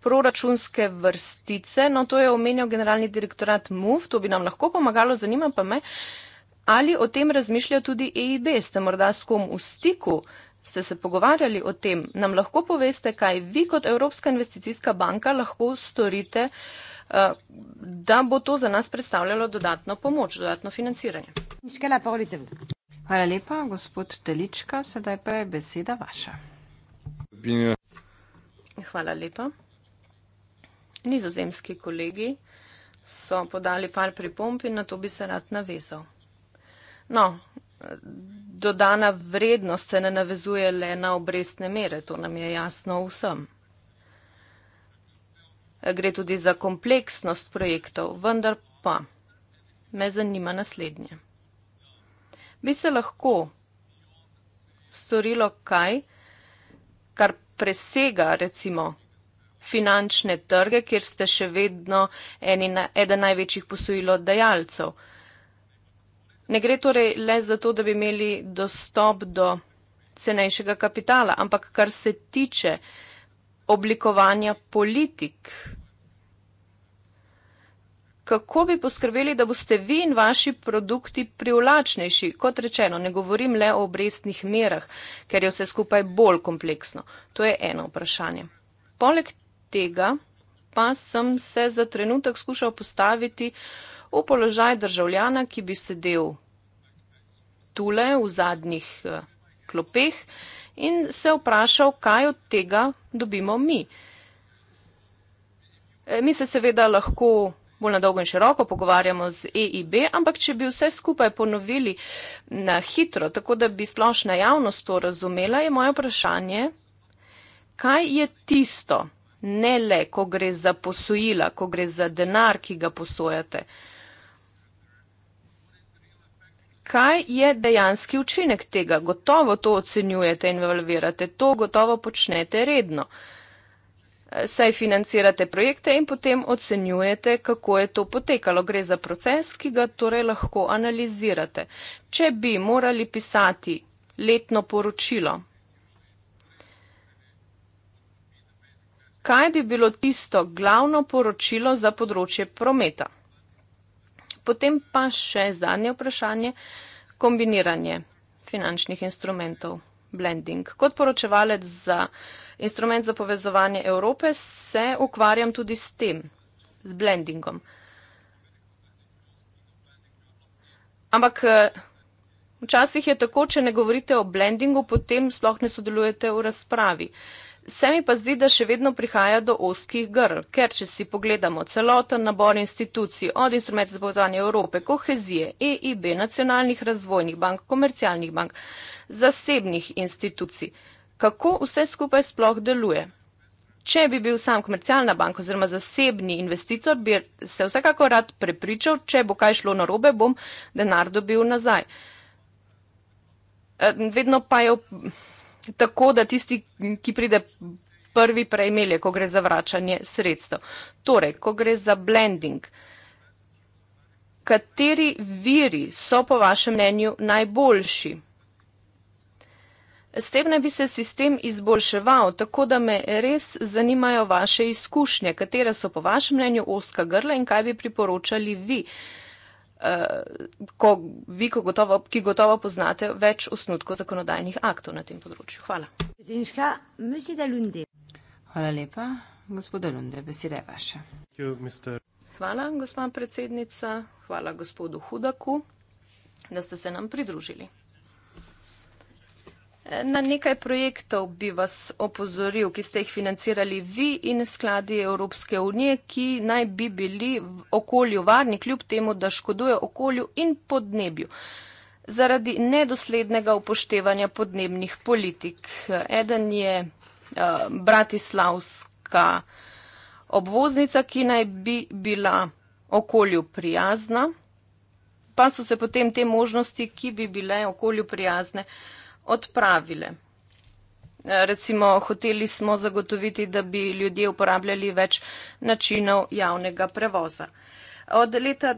proračunske vrstice, no to je omenjal generalni direktorat MUF, to bi nam lahko pomagalo, zanima pa me, uh, Ali o tem razmišlja tudi EIB? Ste morda s kom v stiku? Ste se pogovarjali o tem? Nam lahko poveste, kaj vi kot Evropska investicijska banka lahko storite, eh, da bo to za nas predstavljalo dodatno pomoč, dodatno financiranje? Hvala lepa, gospod Telička. Sedaj pa je beseda vaša. Hvala lepa. Nizozemski kolegi so podali par pripomp in na to bi se rad navezal. No, dodana vrednost se ne navezuje le na obrestne mere, to nam je jasno vsem. Gre tudi za kompleksnost projektov, vendar pa me zanima naslednje. Bi se lahko storilo kaj, kar presega recimo finančne trge, kjer ste še vedno eni, eden največjih posojilodajalcev? Ne gre torej le za to, da bi imeli dostop do cenejšega kapitala, ampak kar se tiče oblikovanja politik, kako bi poskrbeli, da boste vi in vaši produkti privlačnejši? Kot rečeno, ne govorim le o obrestnih merah, ker je vse skupaj bolj kompleksno. To je eno vprašanje. Poleg tega pa sem se za trenutek skušal postaviti v položaj državljana, ki bi sedel tule v zadnjih eh, klopeh in se vprašal, kaj od tega dobimo mi. Eh, mi se seveda lahko bolj na dolgo in široko pogovarjamo z EIB, ampak če bi vse skupaj ponovili na hitro, tako da bi splošna javnost to razumela, je moje vprašanje, kaj je tisto, ne le, ko gre za posojila, ko gre za denar, ki ga posojate, kaj je dejanski učinek tega. Gotovo to ocenjujete in evalvirate, to gotovo počnete redno. Saj financirate projekte in potem ocenjujete, kako je to potekalo. Gre za proces, ki ga torej lahko analizirate. Če bi morali pisati letno poročilo, kaj bi bilo tisto glavno poročilo za področje prometa? Potem pa še zadnje vprašanje, kombiniranje finančnih instrumentov, blending. Kot poročevalec za instrument za povezovanje Evrope se ukvarjam tudi s tem, s blendingom. Ampak eh, včasih je tako, če ne govorite o blendingu, potem sploh ne sodelujete v razpravi. Se mi pa zdi, da še vedno prihaja do oskih grl, ker če si pogledamo celoten nabor institucij, od instrumenta za povezovanje Evrope, kohezije, EIB, nacionalnih razvojnih bank, komercialnih bank, zasebnih institucij, kako vse skupaj sploh deluje. Če bi bil sam komercialna banka oziroma zasebni investitor, bi se vsekako rad prepričal, če bo kaj šlo narobe, bom denar dobil nazaj. E, vedno pa je tako, da tisti, ki pride prvi prejmelje, ko gre za vračanje sredstev. Torej, ko gre za blending, kateri viri so po vašem mnenju najboljši? S tem naj bi se sistem izboljševal, tako da me res zanimajo vaše izkušnje, katera so po vašem mnenju oska grla in kaj bi priporočali vi. Uh, Eh, ko vi, ko gotovo, ki gotovo poznate več osnutkov zakonodajnih aktov na tem področju. Hvala. Hvala lepa, gospod Lunde, beseda je vaša. Hvala, gospa predsednica, hvala gospodu Hudaku, da ste se nam pridružili. Na nekaj projektov bi vas opozoril, ki ste jih financirali vi in skladi Evropske unije, ki naj bi bili okolju varni, kljub temu, da škodujejo okolju in podnebju. Zaradi nedoslednega upoštevanja podnebnih politik. Eden je eh, Bratislavska obvoznica, ki naj bi bila okolju prijazna, pa so se potem te možnosti, ki bi bile okolju prijazne, eh, odpravile. E, recimo, hoteli smo zagotoviti, da bi ljudje uporabljali več načinov javnega prevoza. Od leta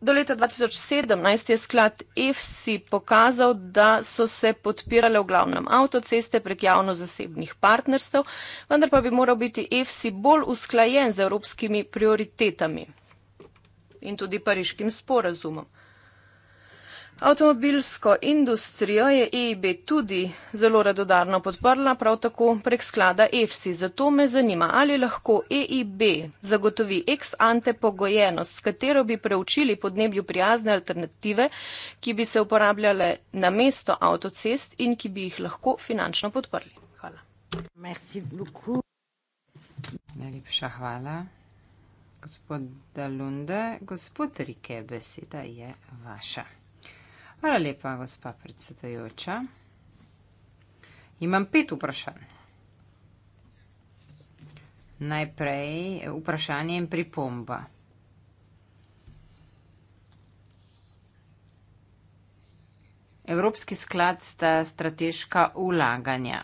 do leta 2017 je sklad EFSI pokazal, da so se podpirale v glavnem avtoceste prek javno-zasebnih partnerstv, vendar pa bi moral biti EFSI bolj usklajen z evropskimi prioritetami in tudi pariškim sporazumom. Avtomobilsko industrijo je EIB tudi zelo radodarno podprla, prav tako prek sklada EFSI. Zato me zanima, ali lahko EIB zagotovi ex ante pogojenost, s katero bi preučili podnebju prijazne alternative, ki bi se uporabljale na mesto avtocest in ki bi jih lahko finančno podprli. Hvala. Merci Najlepša hvala. Gospod Dalunde, gospod Rike, beseda je vaša. Hvala lepa, gospa predsedajoča. Imam pet vprašanj. Najprej vprašanje in pripomba. Evropski sklad sta strateška ulaganja.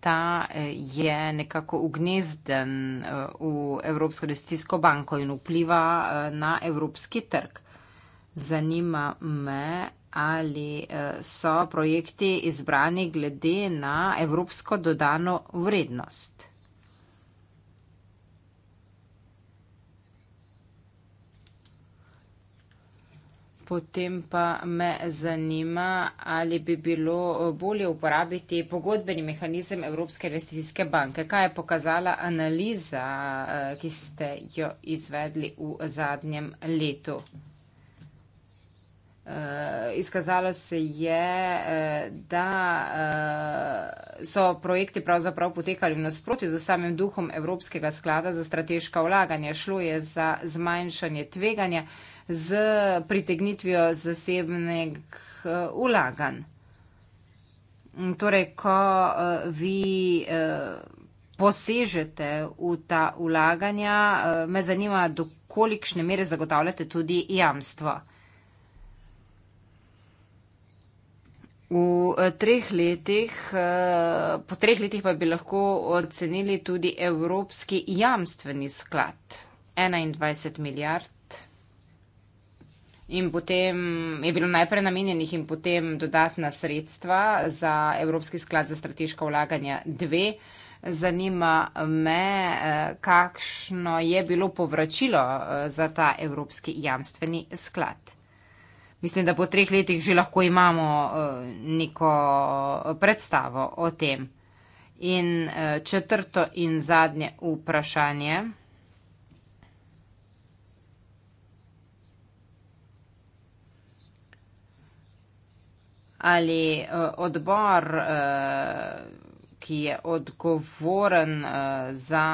Ta eh, je nekako ugnezden eh, v Evropsko investicijsko banko in vpliva eh, na evropski trg. Zanima me, ali eh, so projekti izbrani glede na evropsko dodano vrednost. Potem pa me zanima, ali bi bilo eh, bolje uporabiti pogodbeni mehanizem Evropske investicijske banke. Kaj je pokazala analiza, eh, ki ste jo izvedli v zadnjem letu? Eh, izkazalo se je, eh, da eh, so projekti pravzaprav potekali v nasprotju za samim duhom Evropskega sklada za strateška vlaganja. Šlo je za zmanjšanje tveganja z pritegnitvijo zasebnih vlaganj. Torej, ko vi posežete v ta vlaganja, me zanima, do kolikšne mere zagotavljate tudi jamstvo. V eh, treh letih, eh, po treh letih pa bi lahko ocenili tudi Evropski jamstveni sklad 21 milijard. In potem je bilo najprej namenjenih in potem dodatna sredstva za Evropski sklad za strateška vlaganja 2. Zanima me, eh, kakšno je bilo povračilo za ta Evropski jamstveni sklad mislim, da po treh letih že lahko imamo eh, neko eh, predstavo o tem. In eh, četrto in zadnje vprašanje. Ali odbor ki je odgovoren uh, za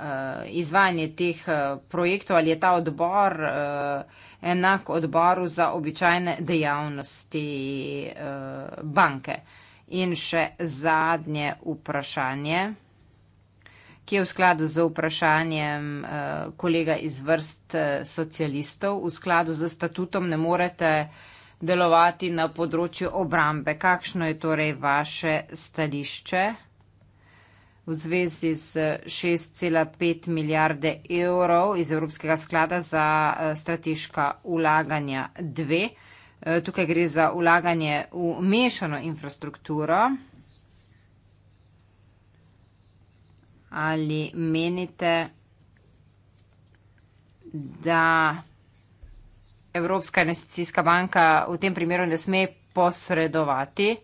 uh, izvajanje teh uh, projektov, ali je ta odbor uh, enak odboru za običajne dejavnosti uh, banke. In še zadnje vprašanje, ki je v skladu z vprašanjem uh, kolega iz vrst uh, socialistov, v skladu z statutom ne morete delovati na področju obrambe. Kakšno je torej vaše stališče v zvezi z 6,5 milijarde evrov iz Evropskega sklada za eh, strateška ulaganja 2? Eh, tukaj gre za ulaganje v mešano infrastrukturo. Ali menite, da Evropska investicijska banka v tem primeru ne sme posredovati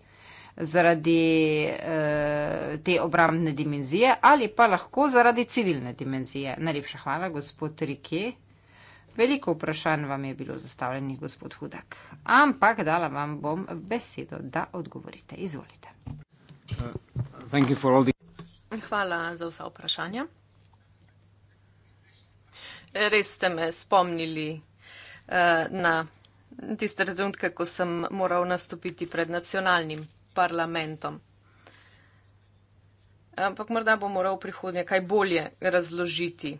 zaradi uh, te obramne dimenzije ali pa lahko zaradi civilne dimenzije. Najlepša hvala, gospod Riki. Veliko vprašanj vam je bilo zastavljenih, gospod Hudak. Ampak dala vam bom besedo, da odgovorite. Izvolite. Hvala za vsa vprašanja. Res ste me spomnili Eh, na tiste trenutke, ko sem moral nastopiti pred nacionalnim parlamentom. Ampak morda bo moral v prihodnje kaj bolje razložiti,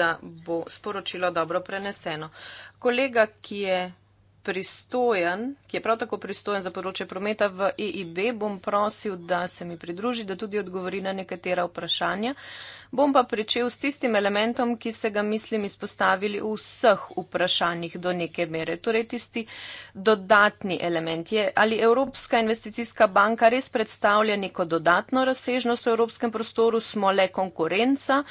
da bo sporočilo dobro preneseno. Kolega, ki je pristojen, ki je prav tako pristojen za področje prometa v EIB, bom prosil, da se mi pridruži, da tudi odgovori na nekatera vprašanja. Bom pa pričel s tistim elementom, ki ste ga, mislim, izpostavili v vseh vprašanjih do neke mere. Torej, tisti dodatni element je, ali Evropska investicijska banka res predstavlja neko dodatno razsežnost v evropskem prostoru, smo le konkurenca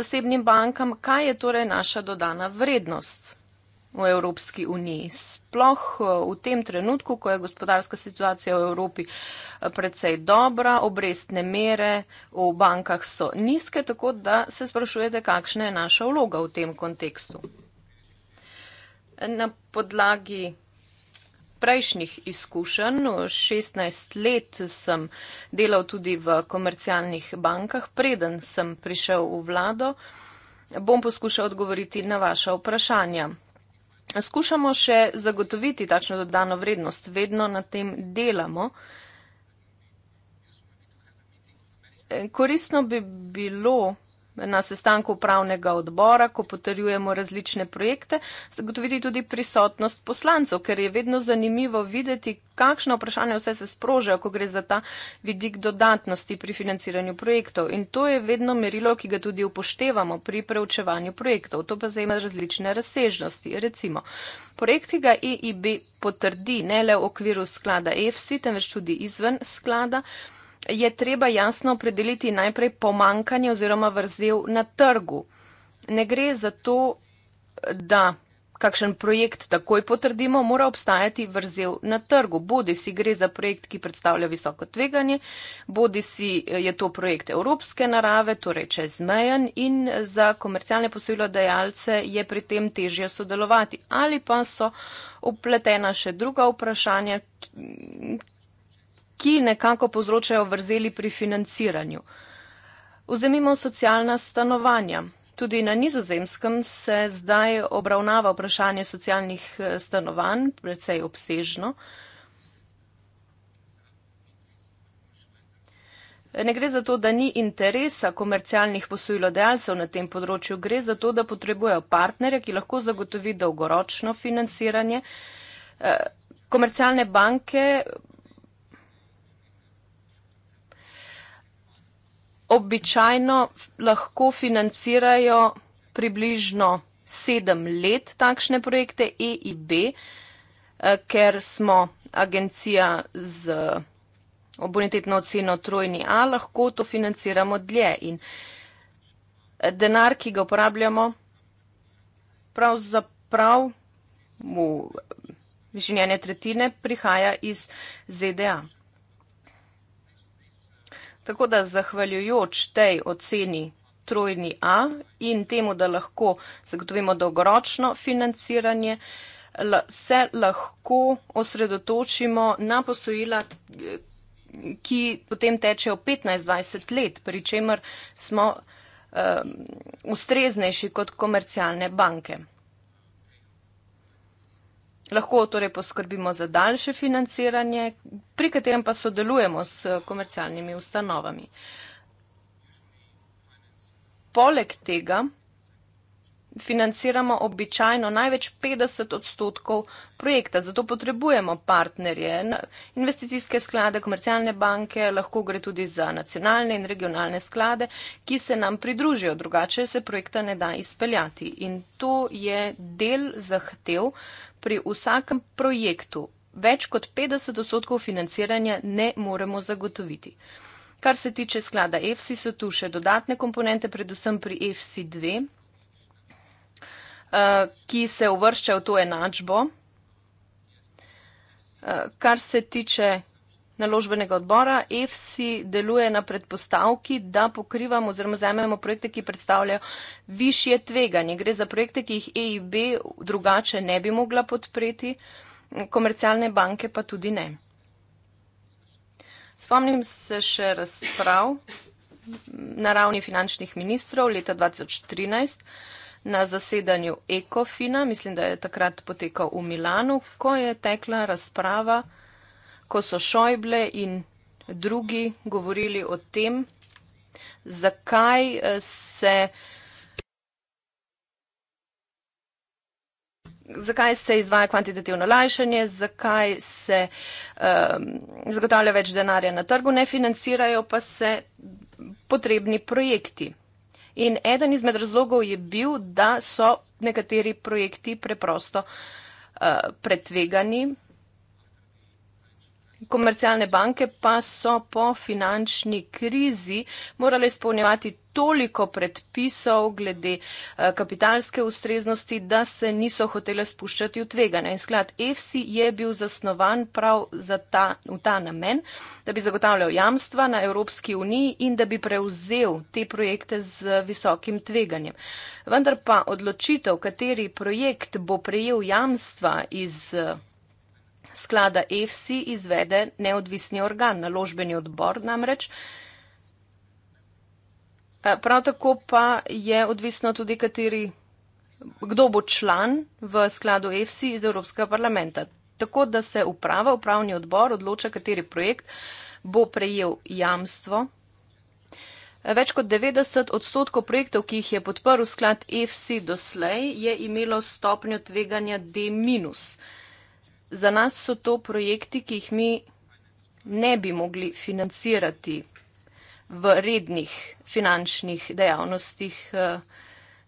zasebnim bankam, kaj je torej naša dodana vrednost v Evropski uniji. Sploh eh, v tem trenutku, ko je gospodarska situacija v Evropi eh, predvsej dobra, obrestne mere v bankah so nizke, tako da se sprašujete, kakšna je naša vloga v tem kontekstu. Na podlagi prejšnjih izkušenj, 16 let sem delal tudi v komercialnih bankah, preden sem prišel v vlado, bom poskušal odgovoriti na vaše vprašanja skušamo še zagotoviti takšno dodano vrednost, vedno na tem delamo. E, koristno bi bilo, na sestanku upravnega odbora, ko potrjujemo različne projekte, zagotoviti tudi prisotnost poslancev, ker je vedno zanimivo videti, kakšne vprašanja vse se sprožajo, ko gre za ta vidik dodatnosti pri financiranju projektov. In to je vedno merilo, ki ga tudi upoštevamo pri preučevanju projektov. To pa zajema različne razsežnosti. Recimo, projekt, ki ga EIB potrdi ne le v okviru sklada EFSI, temveč tudi izven sklada, je treba jasno opredeliti najprej pomankanje oziroma vrzel na trgu. Ne gre za to, da kakšen projekt takoj potrdimo, mora obstajati vrzel na trgu. Bodi si gre za projekt, ki predstavlja visoko tveganje, bodi si eh, je to projekt evropske narave, torej čezmejen in za komercialne posojilodajalce je pri tem težje sodelovati. Ali pa so upletena še druga vprašanja, ki nekako povzročajo vrzeli pri financiranju. Vzemimo socialna stanovanja. Tudi na nizozemskem se zdaj obravnava vprašanje socialnih eh, stanovanj, precej obsežno. Ne gre za to, da ni interesa komercialnih posojilodajalcev na tem področju, gre za to, da potrebujejo partnerja, ki lahko zagotovi dolgoročno financiranje. Eh, komercialne banke običajno lahko financirajo približno sedem let takšne projekte EIB, eh, ker smo agencija z eh, bonitetno oceno trojni A, lahko to financiramo dlje in eh, denar, ki ga uporabljamo, pravzaprav v višini ene tretjine prihaja iz ZDA. Tako da zahvaljujoč tej oceni trojni A in temu, da lahko zagotovimo dolgoročno financiranje, se lahko osredotočimo na posojila, ki potem tečejo 15-20 let, pri čemer smo um, ustreznejši kot komercialne banke. Lahko torej poskrbimo za daljše financiranje, pri katerem pa sodelujemo s komercialnimi ustanovami. Poleg tega, financiramo običajno največ 50 odstotkov projekta, zato potrebujemo partnerje, investicijske sklade, komercialne banke, lahko gre tudi za nacionalne in regionalne sklade, ki se nam pridružijo, drugače se projekta ne da izpeljati. In to je del zahtev pri vsakem projektu. Več kot 50 odstotkov financiranja ne moremo zagotoviti. Kar se tiče sklada EFSI, so tu še dodatne komponente, predvsem pri EFSI 2. Eh, ki se uvršča v to enačbo. Eh, kar se tiče naložbenega odbora, EFSI deluje na predpostavki, da pokrivamo oziroma zajememo projekte, ki predstavljajo višje tveganje. Gre za projekte, ki jih EIB drugače ne bi mogla podpreti, komercialne banke pa tudi ne. Spomnim se še razprav na ravni finančnih ministrov leta 2013 na zasedanju Ekofina, mislim, da je takrat potekal v Milanu, ko je tekla razprava, ko so Šojble in drugi govorili o tem, zakaj eh, se. Zakaj se izvaja kvantitativno lajšanje, zakaj se um, zagotavlja več denarja na trgu, ne financirajo pa se potrebni projekti. In eden izmed razlogov je bil, da so nekateri projekti preprosto uh, pretvegani, komercialne banke pa so po finančni krizi morale izpolnjevati toliko predpisov glede eh, kapitalske ustreznosti, da se niso hotele spuščati v tveganje. In sklad EFSI je bil zasnovan prav za ta, v ta namen, da bi zagotavljal jamstva na Evropski uniji in da bi prevzel te projekte z visokim tveganjem. Vendar pa odločitev, kateri projekt bo prejel jamstva iz eh, sklada EFSI izvede neodvisni organ, naložbeni odbor namreč. Eh, prav tako pa je odvisno tudi, kateri, kdo bo član v skladu EFSI iz Evropskega parlamenta. Tako da se uprava, upravni odbor odloča, kateri projekt bo prejel jamstvo. Eh, več kot 90 odstotkov projektov, ki jih je podprl sklad EFSI doslej, je imelo stopnjo tveganja D- za nas so to projekti, ki jih mi ne bi mogli financirati v rednih finančnih dejavnostih eh,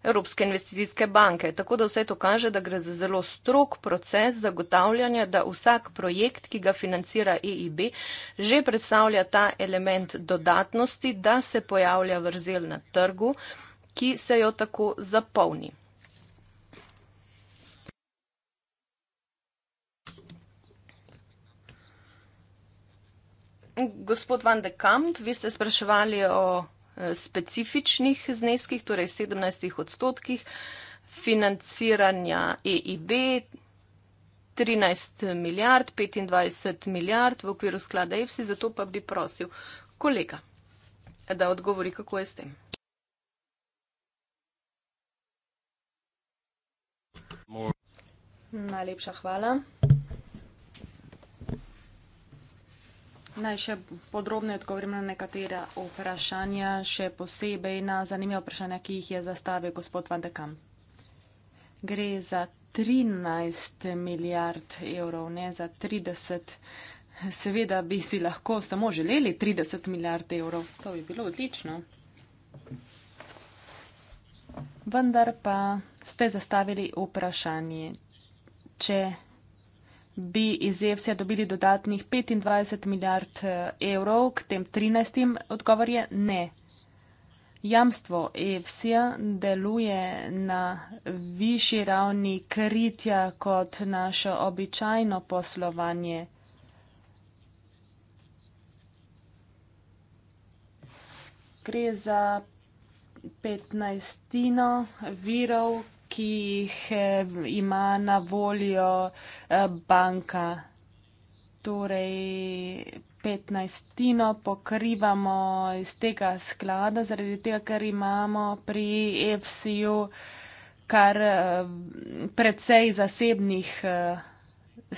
Evropske investicijske banke. Tako da vse to kaže, da gre za zelo strok proces zagotavljanja, da vsak projekt, ki ga financira EIB, že predstavlja ta element dodatnosti, da se pojavlja vrzel na trgu, ki se jo tako zapolni. Gospod Van de Kamp, vi ste spraševali o eh, specifičnih zneskih, torej 17 odstotkih financiranja EIB, 13 milijard, 25 milijard v okviru sklada EFSI, zato pa bi prosil kolega, da odgovori, kako je s tem. Najlepša hvala. Naj še podrobno odgovorim na nekatera vprašanja, še posebej na zanimiva vprašanja, ki jih je zastavil gospod Van de Kam. Gre za 13 milijard evrov, ne za 30. Seveda bi si lahko samo želeli 30 milijard evrov, to bi bilo odlično. Vendar pa ste zastavili vprašanje, če bi iz EFSA dobili dodatnih 25 milijard eh, evrov, k tem 13. odgovor je ne. Jamstvo EFSA deluje na višji ravni kritja kot naše običajno poslovanje. Gre za petnajstino virov, ki jih eh, ima na voljo eh, banka. Torej, petnajstino pokrivamo iz tega sklada, zaradi tega, ker imamo pri e FCU kar eh, precej zasebnih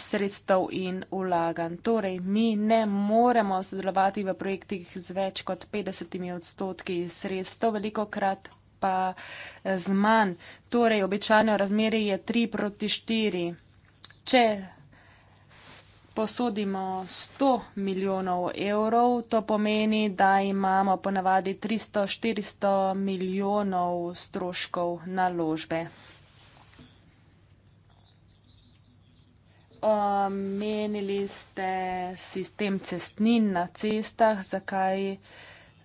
sredstev in ulagan. Torej, mi ne moremo sodelovati v projektih z več kot 50 odstotki sredstev, veliko krat pa eh, z manj. Torej, običajno razmeri je 3 proti 4. Če posodimo 100 milijonov evrov, to pomeni, da imamo ponavadi 300-400 milijonov stroškov naložbe. Omenili ste sistem cestnin na cestah, zakaj?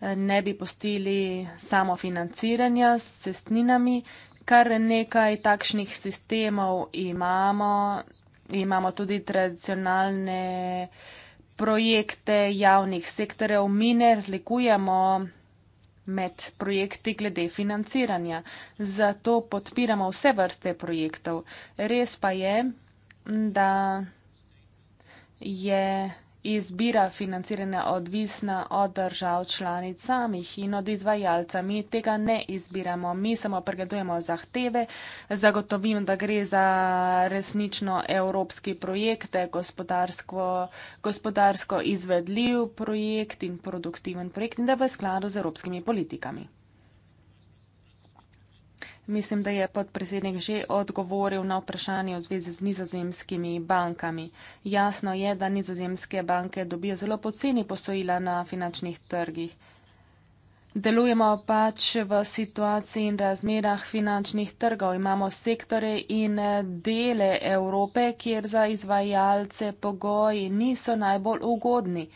ne bi postili samo financiranja s cestninami. Kar nekaj takšnih sistemov imamo, imamo tudi tradicionalne projekte javnih sektorjev, mi ne razlikujemo med projekti glede financiranja. Zato podpiramo vse vrste projektov. Res pa je, da je izbira financiranja odvisna od držav članic samih in od izvajalca. Mi tega ne izbiramo, mi samo pregledujemo zahteve, zagotovimo, da gre za resnično evropski projekt, gospodarsko, gospodarsko izvedljiv projekt in produktiven projekt in da v skladu z evropskimi politikami. Mislim, da je podpredsednik že odgovoril na vprašanje v zvezi z nizozemskimi bankami. Jasno je, da nizozemske banke dobijo zelo poceni posojila na finančnih trgih. Delujemo pač v situaciji in razmerah finančnih trgov. Imamo sektore in dele Evrope, kjer za izvajalce pogoji niso najbolj ugodni.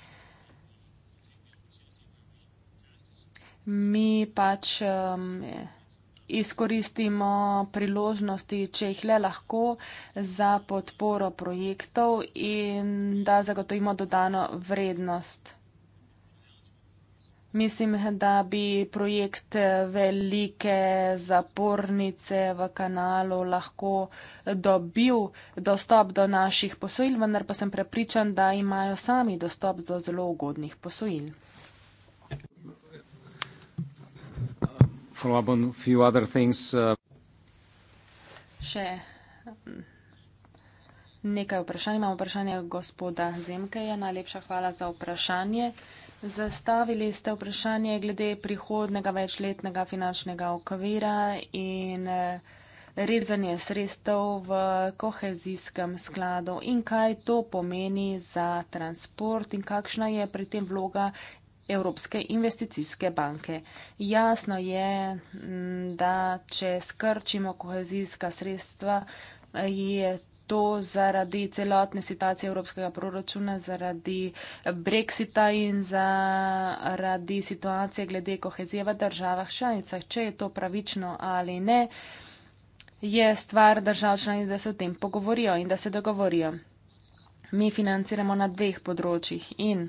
Mi pač. Um, je, izkoristimo priložnosti, če jih le lahko, za podporo projektov in da zagotovimo dodano vrednost. Mislim, da bi projekt velike zapornice v kanalu lahko dobil dostop do naših posojil, vendar pa sem prepričan, da imajo sami dostop do zelo ugodnih posojil. follow up on a few other things. Uh... Še mm, nekaj vprašanj. Imamo vprašanje gospoda Zemkeja. Najlepša hvala za vprašanje. Zastavili ste vprašanje glede prihodnega večletnega finančnega okvira in eh, rezanje sredstev v kohezijskem skladu in kaj to pomeni za transport in kakšna je pri tem vloga Evropske investicijske banke. Jasno je, da če skrčimo kohezijska sredstva, je to zaradi celotne situacije Evropskega proračuna, zaradi Brexita in zaradi situacije glede kohezije v državah članicah. Če je to pravično ali ne, je stvar držav članic, da se o tem pogovorijo in da se dogovorijo. Mi financiramo na dveh področjih in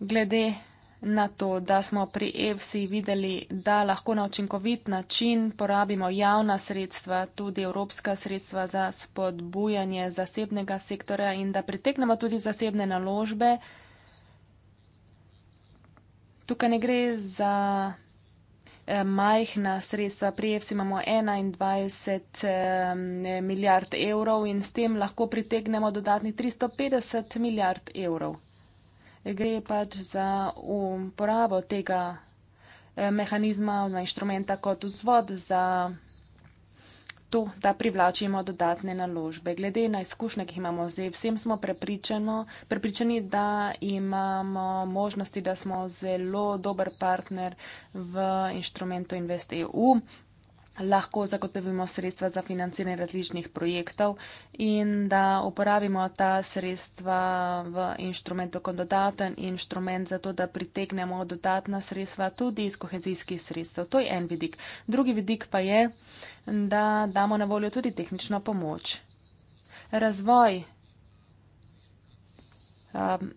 glede na to, da smo pri EFSI videli, da lahko na očinkovit način porabimo javna sredstva, tudi evropska sredstva za spodbujanje zasebnega sektora in da pritegnemo tudi zasebne naložbe. Tukaj ne gre za eh, majhna sredstva. Pri EFSI imamo 21 eh, milijard evrov in s tem lahko pritegnemo dodatni 350 milijard evrov gre pač za uporabo tega eh, mehanizma, inštrumenta kot vzvod za to, da privlačimo dodatne naložbe. Glede na izkušnje, ki jih imamo z e vsem, smo prepričani, da imamo možnosti, da smo zelo dober partner v inštrumentu InvestEU lahko zagotovimo sredstva za financiranje različnih projektov in da uporabimo ta sredstva v inštrumentu kot dodaten inštrument za to, da pritegnemo dodatna sredstva tudi iz kohezijskih sredstev. To je en vidik. Drugi vidik pa je, da damo na voljo tudi tehnično pomoč. Razvoj um,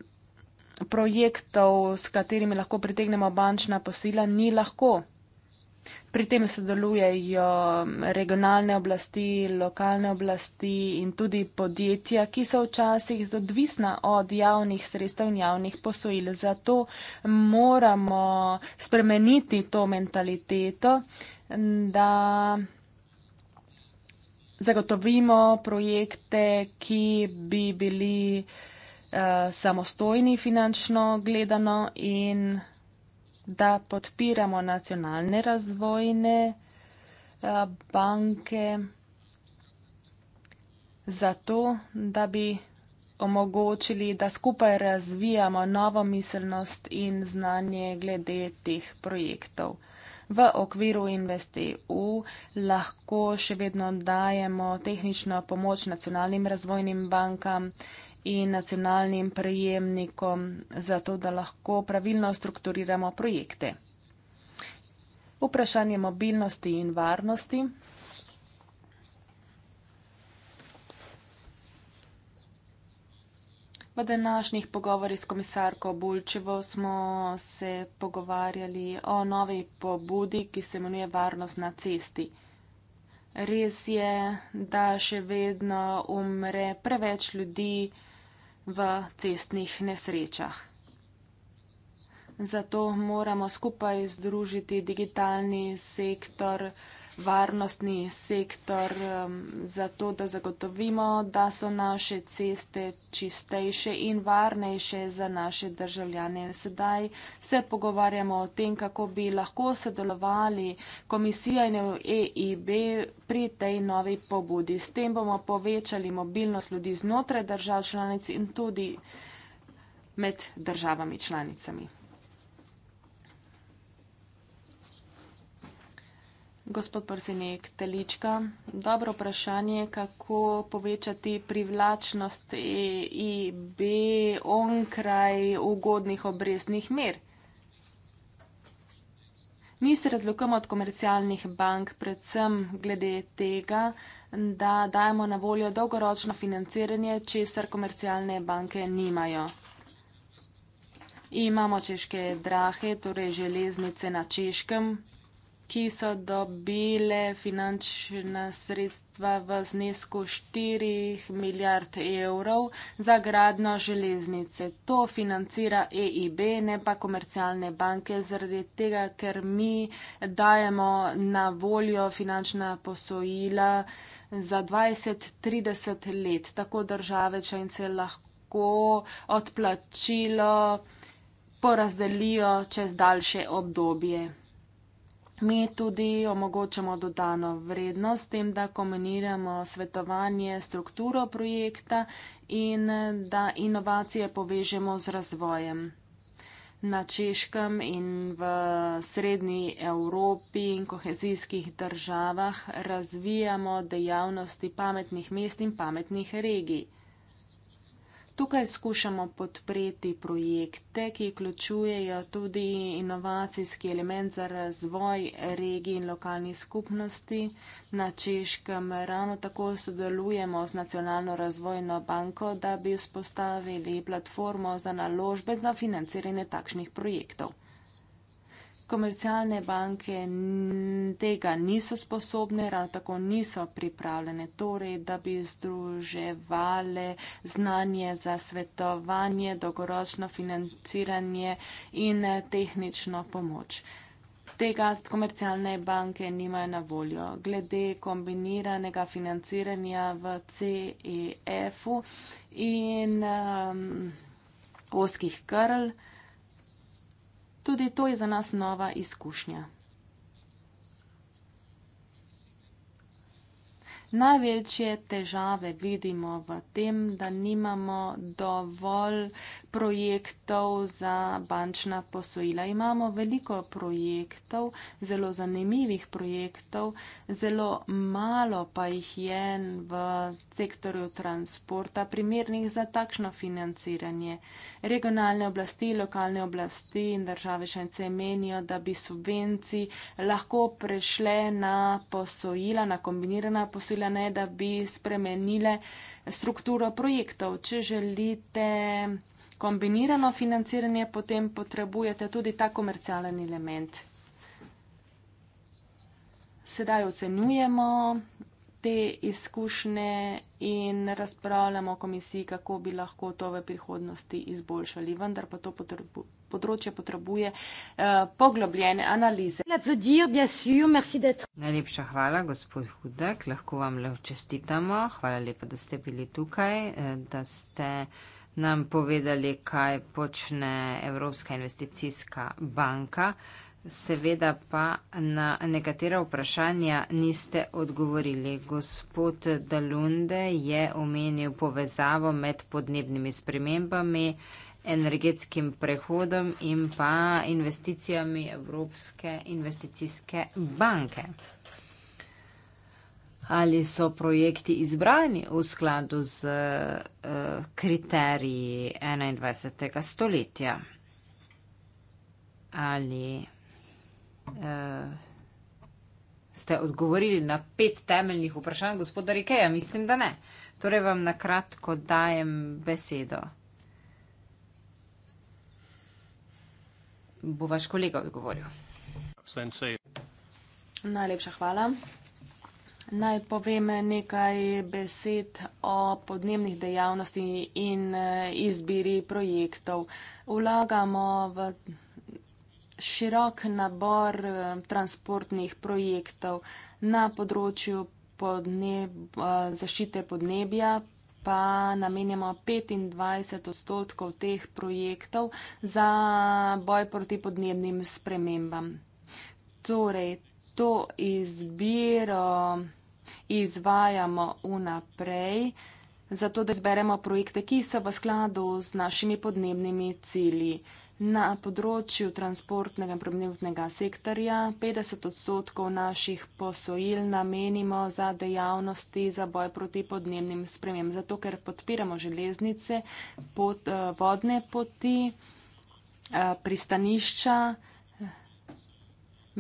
projektov, s katerimi lahko pritegnemo bančna posila, ni lahko. Pri tem sodelujejo regionalne oblasti, lokalne oblasti in tudi podjetja, ki so včasih odvisna od javnih sredstev in javnih posojil. Zato moramo spremeniti to mentaliteto, da zagotovimo projekte, ki bi bili uh, samostojni finančno gledano in da podpiramo nacionalne razvojne eh, banke zato, da bi omogočili, da skupaj razvijamo novo miselnost in znanje glede teh projektov. V okviru InvestEU lahko še vedno dajemo tehnično pomoč nacionalnim razvojnim bankam, in nacionalnim prejemnikom, zato da lahko pravilno strukturiramo projekte. Vprašanje mobilnosti in varnosti. V današnjih pogovorih s komisarko Bulčevo smo se pogovarjali o novi pobudi, ki se imenuje varnost na cesti. Res je, da še vedno umre preveč ljudi, v cestnih nesrečah. Zato moramo skupaj združiti digitalni sektor, varnostni sektor um, za to, da zagotovimo, da so naše ceste čistejše in varnejše za naše državljane. Sedaj se pogovarjamo o tem, kako bi lahko sodelovali komisija in EIB pri tej novi pobudi. S tem bomo povečali mobilnost ljudi znotraj držav članic in tudi med državami članicami. Gospod Prsenik Telička, dobro vprašanje, kako povečati privlačnost EIB onkraj ugodnih obrestnih mer. Mi se razlikujemo od komercialnih bank predvsem glede tega, da dajemo na voljo dolgoročno financiranje, česar komercialne banke nimajo. Imamo češke drahe, torej železnice na Češkem, ki so dobile finančna sredstva v znesku 4 milijard evrov za gradno železnice. To financira EIB, ne pa komercialne banke, zaradi tega, ker mi dajemo na voljo finančna posojila za 20-30 let, tako države članice lahko odplačilo porazdelijo čez daljše obdobje. Mi tudi omogočamo dodano vrednost s tem, da kombiniramo svetovanje strukturo projekta in da inovacije povežemo z razvojem. Na Češkem in v srednji Evropi in kohezijskih državah razvijamo dejavnosti pametnih mest in pametnih regij. Tukaj skušamo podpreti projekte, ki vključujejo tudi inovacijski element za razvoj regij in lokalnih skupnosti. Na Češkem ravno tako sodelujemo z Nacionalno razvojno banko, da bi vzpostavili platformo za naložbe za financiranje takšnih projektov komercialne banke tega niso sposobne, ali tako niso pripravljene, torej, da bi združevale znanje za svetovanje, dolgoročno financiranje in eh, tehnično pomoč. Tega komercialne banke nimajo na voljo. Glede kombiniranega financiranja v CEF-u in um, ehm, oskih krl, uh, Tudi to je za nas nova izkušnja. Največje težave vidimo v tem, da nimamo dovolj projektov za bančna posojila. Imamo veliko projektov, zelo zanimivih projektov, zelo malo pa jih je v sektorju transporta primernih za takšno financiranje. Regionalne oblasti, lokalne oblasti in države šence menijo, da bi subvenci lahko prešle na posojila, na kombinirana posojila, ne da bi spremenile strukturo projektov. Če želite kombinirano financiranje, potem potrebujete tudi ta komercialen element. Sedaj ocenjujemo te izkušnje in razpravljamo komisiji, kako bi lahko to v prihodnosti izboljšali, vendar pa to potrebu področje potrebuje uh, poglobljene analize. Najlepša hvala, gospod Hudek, lahko vam le čestitamo. Hvala lepa, da ste bili tukaj, eh, da ste nam povedali, kaj počne Evropska investicijska banka. Seveda pa na nekatera vprašanja niste odgovorili. Gospod Dalunde je omenil povezavo med podnebnimi spremembami, energetskim prehodom in pa investicijami Evropske investicijske banke ali so projekti izbrani v skladu z uh, kriteriji 21. stoletja. Ali uh, ste odgovorili na pet temeljnih vprašanj gospoda Rikeja? Mislim, da ne. Torej vam nakratko dajem besedo. Bo vaš kolega odgovoril. Najlepša hvala. Naj povem nekaj besed o podnebnih dejavnosti in e, izbiri projektov. Vlagamo v širok nabor e, transportnih projektov na področju podneb, e, zaščite podnebja pa namenjamo 25 odstotkov teh projektov za boj proti podnebnim spremembam. Torej, to izbiro izvajamo vnaprej, zato da izberemo projekte, ki so v skladu z našimi podnebnimi cilji. Na področju transportnega in prometnega sektorja 50 odstotkov naših posojil namenimo za dejavnosti za boj proti podnebnim spremem, zato ker podpiramo železnice, pod, eh, vodne poti, eh, pristanišča,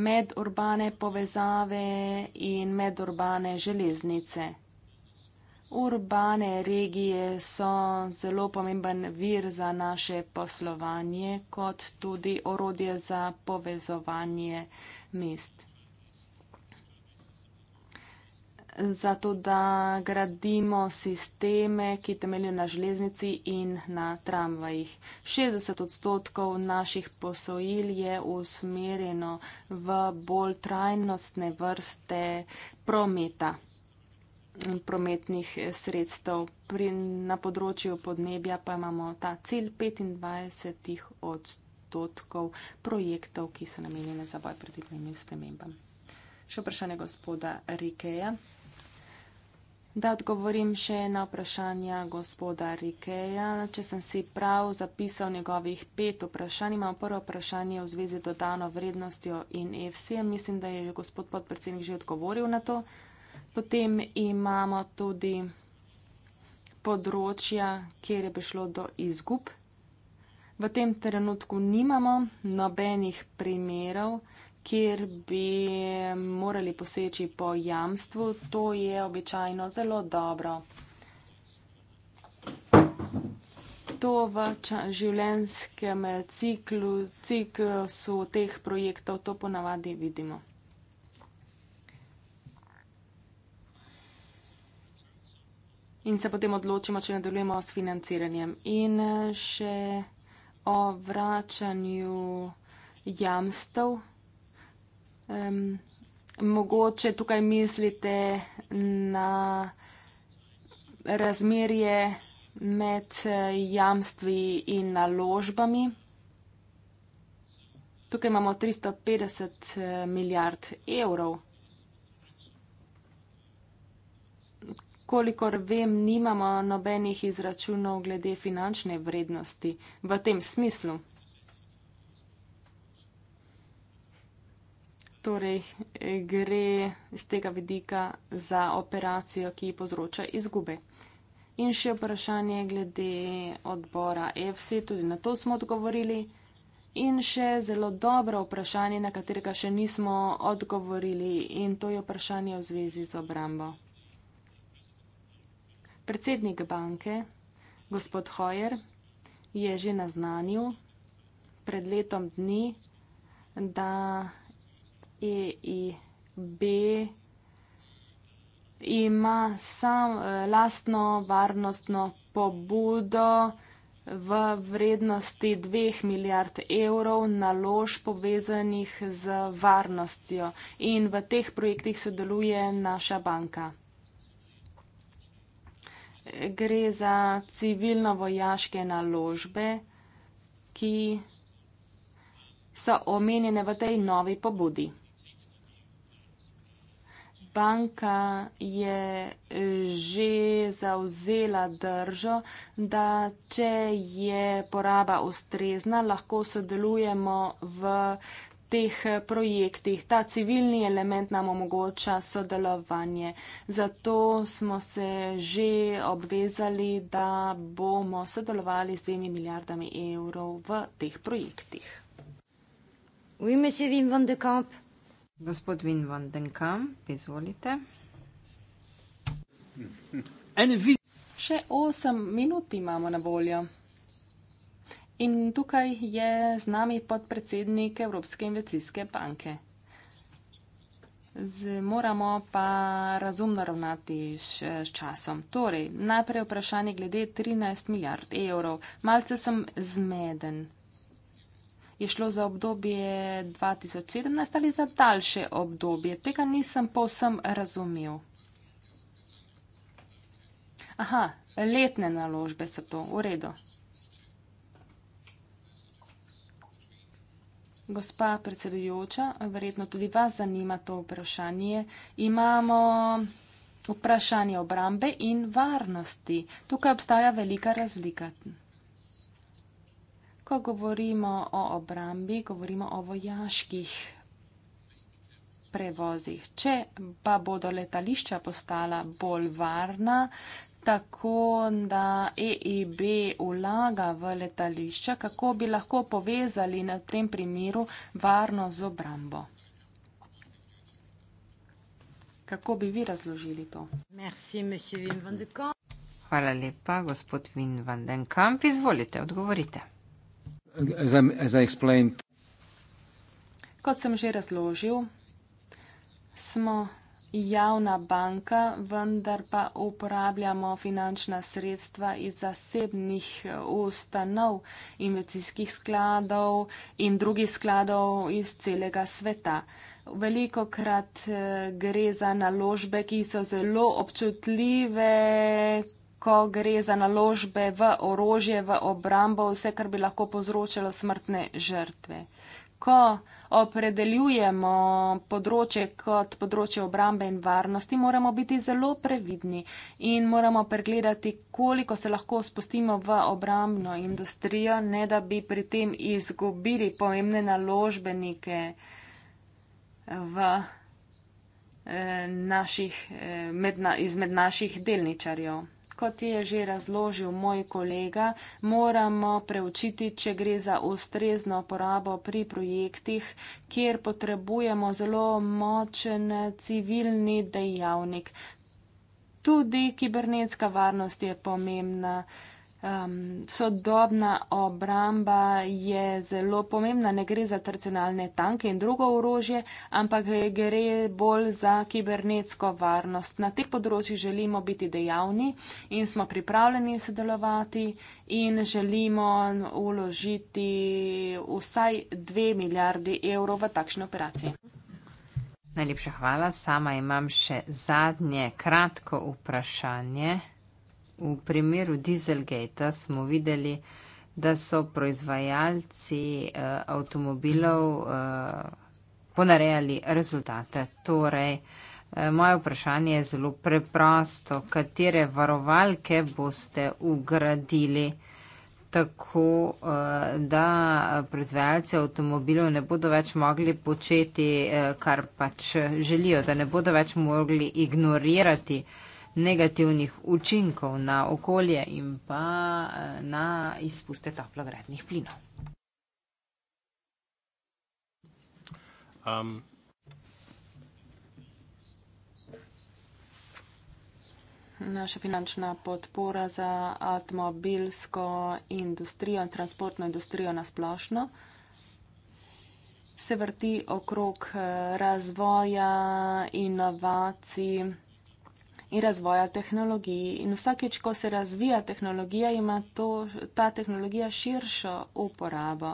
medurbane povezave in medurbane železnice. Urbane regije so zelo pomemben vir za naše poslovanje, kot tudi orodje za povezovanje mest. zato da gradimo sisteme, ki temeljijo na železnici in na tramvajih. 60 odstotkov naših posojil je usmerjeno v bolj trajnostne vrste prometa prometnih sredstev. Pri, na področju podnebja pa imamo ta cilj 25 odstotkov projektov, ki so namenjene za boj proti podnebnim spremembam. Še vprašanje gospoda Rikeja. Da odgovorim še na vprašanja gospoda Rikeja, če sem si prav zapisal njegovih pet vprašanj, imam prvo vprašanje v zvezi z dodano vrednostjo in EFSI-jem. Mislim, da je gospod podpredsednik že odgovoril na to. Potem imamo tudi področja, kjer je prišlo do izgub. V tem trenutku nimamo nobenih primerov, kjer bi morali poseči po jamstvu, to je običajno zelo dobro. To v življenskem ciklu, ciklusu teh projektov, to ponavadi vidimo. In se potem odločimo, če nadaljujemo s financiranjem. In še o vračanju jamstev. Um, mogoče tukaj mislite na razmerje med eh, jamstvi in naložbami. Tukaj imamo 350 eh, milijard evrov. Kolikor vem, nimamo nobenih izračunov glede finančne vrednosti v tem smislu. torej eh, gre z tega vidika za operacijo, ki povzroča izgube. In še vprašanje glede odbora EFSI, tudi na to smo odgovorili. In še zelo dobro vprašanje, na katerega še nismo odgovorili, in to je vprašanje v zvezi z obrambo. Predsednik banke, gospod Hojer, je že naznanil pred letom dni, da E I B ima sam e, lastno varnostno pobudo v vrednosti dveh milijard evrov nalož povezanih z varnostjo in v teh projektih sodeluje naša banka. Gre za civilno-vojaške naložbe, ki so omenjene v tej novi pobudi banka je že zauzela držo, da če je poraba ustrezna, lahko sodelujemo v teh projektih. Ta civilni element nam omogoča sodelovanje. Zato smo se že obvezali, da bomo sodelovali z dvemi milijardami evrov v teh projektih. Oui, monsieur Wim van de Kamp. Gospod Vin van den Kamp, izvolite. Še 8 minut imamo na voljo. In tukaj je z nami podpredsednik Evropske investicijske banke. Z, moramo pa razumno ravnati s časom. Torej, najprej vprašanje glede 13 milijard evrov. Malce sem zmeden je šlo za obdobje 2017 ali za daljše obdobje. Tega nisem povsem razumel. Aha, letne naložbe so to, v redu. Gospa predsedujoča, verjetno tudi vas zanima to vprašanje. Imamo vprašanje obrambe in varnosti. Tukaj obstaja velika razlika ko govorimo o obrambi, govorimo o vojaških prevozih. Če pa bodo letališča postala bolj varna, tako da EIB vlaga v letališča, kako bi lahko povezali na tem primeru varno z obrambo? Kako bi vi razložili to? Hvala lepa, gospod Vin van den Kamp, izvolite, odgovorite. As I, as I explained... Kot sem že razložil, smo javna banka, vendar pa uporabljamo finančna sredstva iz zasebnih eh, ustanov, investicijskih skladov in drugih skladov iz celega sveta. Veliko krat eh, gre za naložbe, ki so zelo občutljive, ko gre za naložbe v orožje, v obrambo, vse, kar bi lahko povzročilo smrtne žrtve. Ko opredeljujemo področje kot področje obrambe in varnosti, moramo biti zelo previdni in moramo pregledati, koliko se lahko spustimo v obrambno industrijo, ne da bi pri tem izgubili pomembne naložbenike v, eh, naših, eh, med, iz med naših delničarjev kot je že razložil moj kolega, moramo preučiti, če gre za ustrezno porabo pri projektih, kjer potrebujemo zelo močen civilni dejavnik. Tudi kibernetska varnost je pomembna. Um, sodobna obramba je zelo pomembna, ne gre za tradicionalne tanke in drugo orožje, ampak gre bolj za kibernetsko varnost. Na teh področjih želimo biti dejavni in smo pripravljeni sodelovati in želimo uložiti vsaj dve milijardi evrov v takšne operacije. Najlepša hvala. Sama imam še zadnje kratko vprašanje v primeru Dieselgate smo videli, da so proizvajalci eh, avtomobilov eh, ponarejali rezultate. Torej, eh, moje vprašanje je zelo preprosto, katere varovalke boste ugradili tako, eh, da proizvajalci avtomobilov ne bodo več mogli početi, eh, kar pač želijo, da ne bodo več mogli ignorirati negativnih učinkov na okolje in pa eh, na izpuste toplogrednih plinov. Um. Naša finančna podpora za avtomobilsko industrijo in transportno industrijo nasplošno se vrti okrog eh, razvoja, inovacij in razvoja tehnologij. In vsakeč, ko se razvija tehnologija, ima to, ta tehnologija širšo uporabo.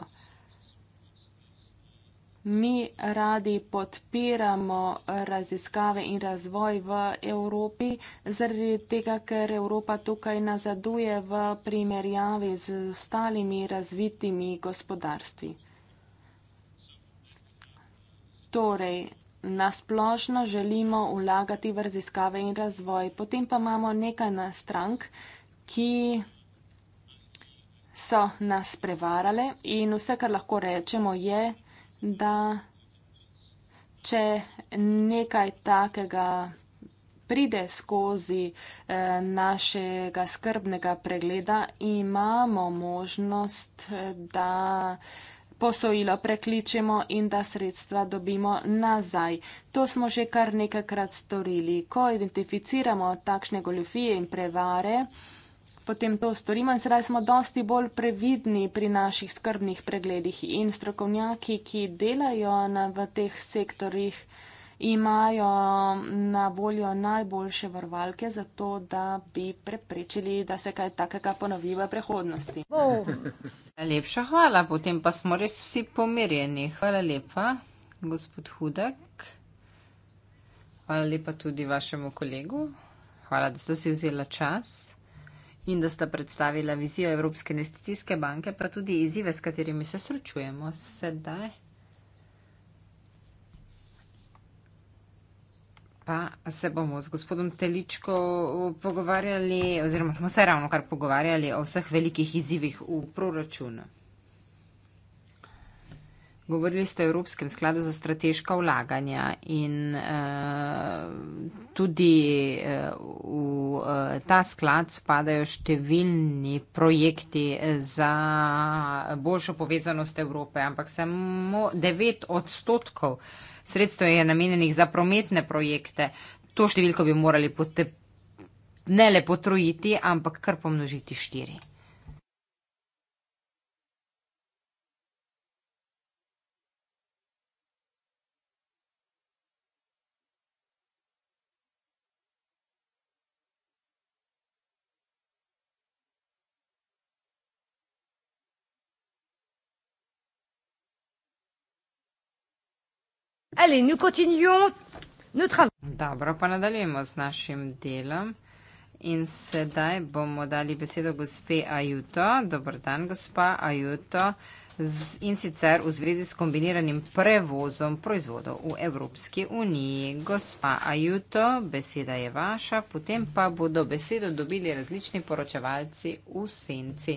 Mi radi podpiramo raziskave in razvoj v Evropi, zaradi tega, ker Evropa tukaj nazaduje v primerjavi z ostalimi razvitimi gospodarstvi. Torej, nasplošno želimo vlagati v raziskave in razvoj. Potem pa imamo nekaj na strank, ki so nas prevarale in vse, kar lahko rečemo, je, da če nekaj takega pride skozi eh, našega skrbnega pregleda, imamo možnost, eh, da eh, posojilo prekličemo in da sredstva dobimo nazaj. To smo že kar nekajkrat storili. Ko identificiramo takšne goljofije in prevare, potem to storimo in sedaj smo dosti bolj previdni pri naših skrbnih pregledih in strokovnjaki, ki delajo na, v teh sektorjih imajo na voljo najboljše varovalke za to, da bi preprečili, da se kaj takega ponovi v prihodnosti. Oh. Lepša hvala, potem pa smo res vsi pomirjeni. Hvala lepa, gospod Hudek. Hvala lepa tudi vašemu kolegu. Hvala, da ste si vzela čas in da ste predstavila vizijo Evropske investicijske banke, pa tudi izzive, s katerimi se srečujemo sedaj. pa se bomo z gospodom Teličko pogovarjali, oziroma smo se ravno kar pogovarjali o vseh velikih izzivih v proračunu. Govorili ste o Evropskem skladu za strateška vlaganja in uh, tudi uh, v uh, ta sklad spadajo številni projekti za boljšo povezanost Evrope, ampak samo 9 odstotkov uh, sredstev je namenjenih za prometne projekte. To številko bi morali potep, ne le potrojiti, ampak kar pomnožiti štiri. Allez, nous continuons notre travail. Dobro, pa nadaljujemo z našim delom. In sedaj bomo dali besedo gospe Ajuto. Dobar dan, gospa Ajuto. Z, in sicer v zvezi s kombiniranim prevozom proizvodov v Evropski uniji. Gospa Ajuto, beseda je vaša, potem pa bodo besedo dobili različni poročevalci v senci.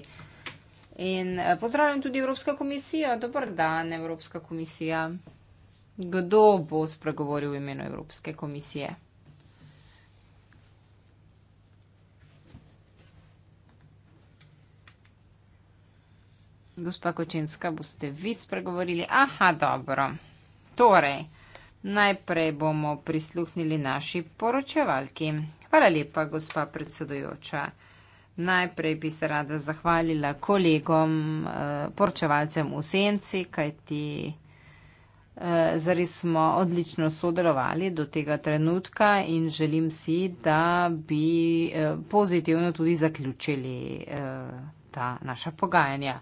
In eh, pozdravljam tudi Evropska komisija. Dobar dan, Evropska komisija. Kdo bo spregovoril v imenu Evropske komisije? Gospa Kočinska, boste vi spregovorili? Aha, dobro. Torej, najprej bomo prisluhnili naši poročevalki. Hvala lepa, gospa predsedujoča. Najprej bi se rada zahvalila kolegom, eh, poročevalcem v Senci, kajti. Eh, zares smo odlično sodelovali do tega trenutka in želim si, da bi eh, pozitivno tudi zaključili eh, ta naša pogajanja.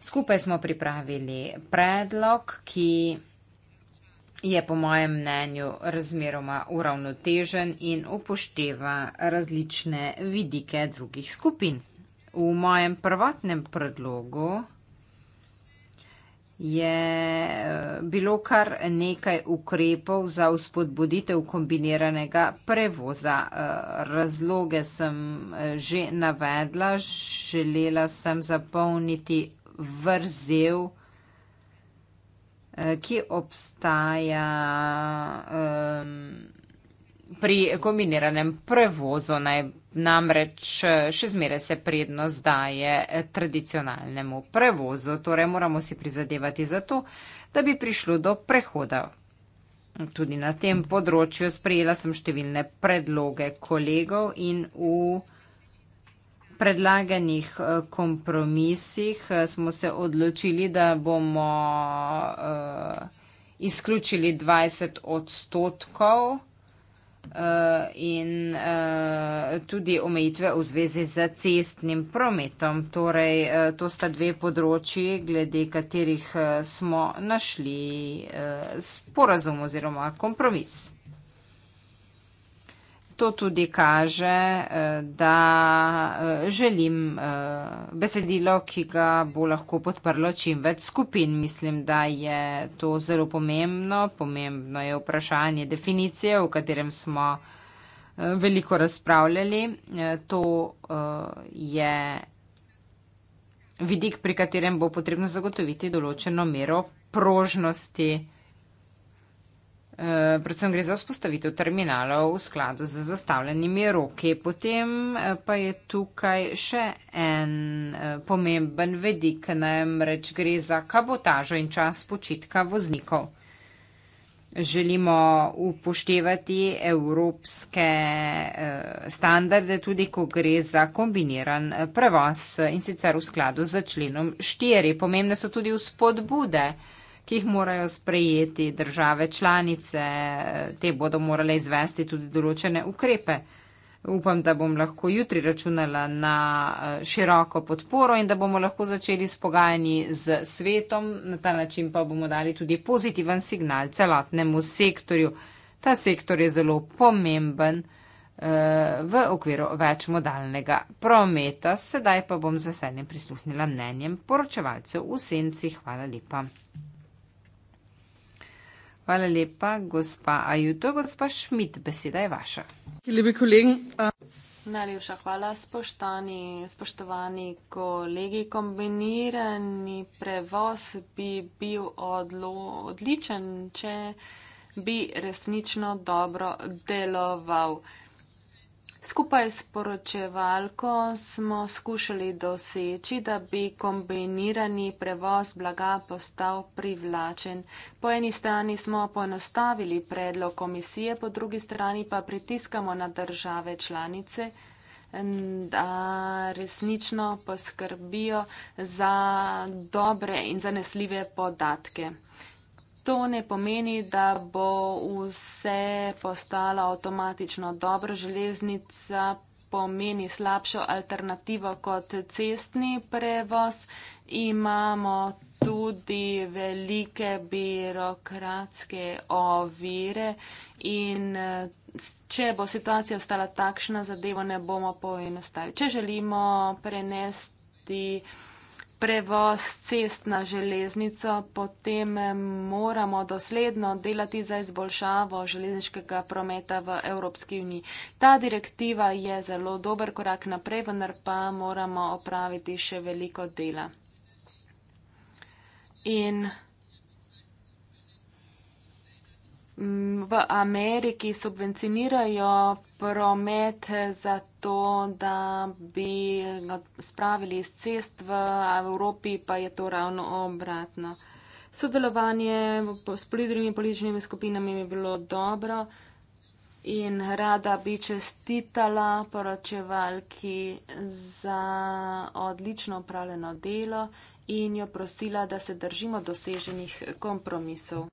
Skupaj smo pripravili predlog, ki je po mojem mnenju razmeroma uravnotežen in upošteva različne vidike drugih skupin. V mojem prvotnem predlogu je eh, bilo kar nekaj ukrepov za vzpodbuditev kombiniranega prevoza. Eh, razloge sem eh, že navedla, želela sem zapolniti vrzel, ki obstaja. Um, pri kombiniranem prevozu naj, namreč eh, še zmeraj se prednost daje eh, tradicionalnemu prevozu, torej moramo si prizadevati za to, da bi prišlo do prehoda. Tudi na tem področju sprejela sem številne predloge kolegov in v predlaganih eh, kompromisih smo se odločili, da bomo uh, izključili 20 odstotkov. Eh, in uh, tudi omejitve v zvezi z cestnim prometom. Torej, uh, to sta dve področji, glede katerih uh, smo našli uh, sporazum oziroma kompromis. To tudi kaže, eh, da eh, želim eh, besedilo, ki ga bo lahko podprlo čim več skupin. Mislim, da je to zelo pomembno. Pomembno je vprašanje definicije, o katerem smo veliko razpravljali. To je vidik, pri katerem bo potrebno zagotoviti določeno mero prožnosti. Eh, predvsem gre za vzpostavitev terminalov v skladu z zastavljenimi roki. Potem eh, pa je tukaj še en eh, pomemben vedik, namreč gre za kabotažo in čas počitka voznikov. Želimo upoštevati evropske standarde, tudi ko gre za kombiniran prevoz in sicer v skladu z členom 4. Pomembne so tudi vzpodbude ki jih morajo sprejeti države članice. Te bodo morale izvesti tudi določene ukrepe. Upam, da bom lahko jutri računala na eh, široko podporo in da bomo lahko začeli s pogajanji z svetom. Na ta način pa bomo dali tudi pozitiven signal celotnemu sektorju. Ta sektor je zelo pomemben eh, v okviru večmodalnega prometa. Sedaj pa bom z veseljem prisluhnila mnenjem poročevalcev v senci. Hvala lepa. Hvala lepa, gospa Ajuto. Gospa Šmit, beseda je vaša. Lepi kolegi. A... Äh, Najlepša hvala, spoštani, spoštovani kolegi. Kombinirani prevoz bi bil odlo, odličen, če bi resnično dobro deloval. Skupaj s poročevalko smo skušali doseči, da bi kombinirani prevoz blaga postal privlačen. Po eni strani smo poenostavili predlog komisije, po drugi strani pa pritiskamo na države članice, da resnično poskrbijo za dobre in zanesljive podatke. To ne pomeni, da bo vse postalo avtomatično dobro. Železnica pomeni slabšo alternativo kot cestni prevoz. Imamo tudi velike birokratske ovire in če bo situacija ostala takšna, zadevo ne bomo poenostavili. Če želimo prenesti prevoz cest na železnico, potem eh, moramo dosledno delati za izboljšavo železniškega prometa v Evropski uniji. Ta direktiva je zelo dober korak naprej, vendar pa moramo opraviti še veliko dela. In v Ameriki subvencionirajo promet za to, da bi ga spravili iz cest v Evropi, pa je to ravno obratno. Sodelovanje s polidrimi političnimi skupinami je bilo dobro in rada bi čestitala poročevalki za odlično upravljeno delo in jo prosila, da se držimo doseženih kompromisov.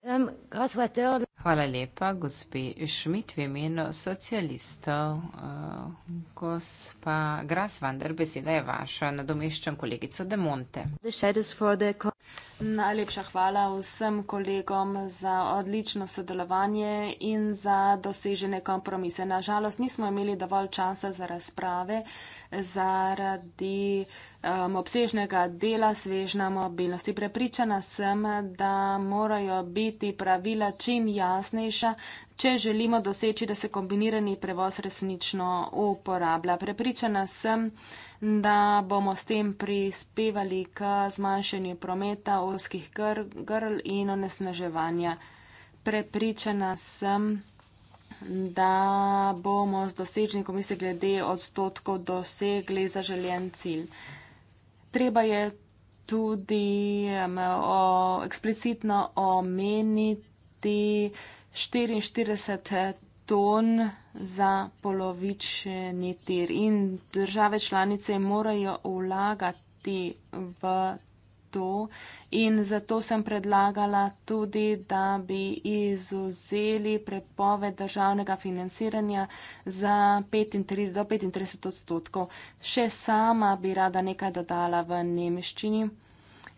Hvala lepa, gospe Šmit, v imenu socialistov. Uh, gospa Gras, vendar beseda je vaša, nadomeščam kolegico De Monte. Najlepša hvala vsem kolegom za odlično sodelovanje in za dosežene kompromise. Nažalost, nismo imeli dovolj časa za razprave zaradi uh, um, obsežnega dela, svežna mobilnosti. Prepričana sem, da morajo biti pravila čim jasnejša, če želimo doseči, da se kombinirani prevoz resnično uporablja. Prepričana sem, da bomo s tem prispevali k zmanjšanju prometa, oskih gr grl in onesnaževanja. Prepričana sem, da bomo z dosežnikom, mislim, glede odstotkov dosegli zaželjen cilj. Uh, treba je tudi um, o, eksplicitno omeniti 44 ton za polovični tir in države članice morajo vlagati v to in zato sem predlagala tudi, da bi izuzeli prepoved državnega financiranja za 35, do 35 odstotkov. Še sama bi rada nekaj dodala v nemščini.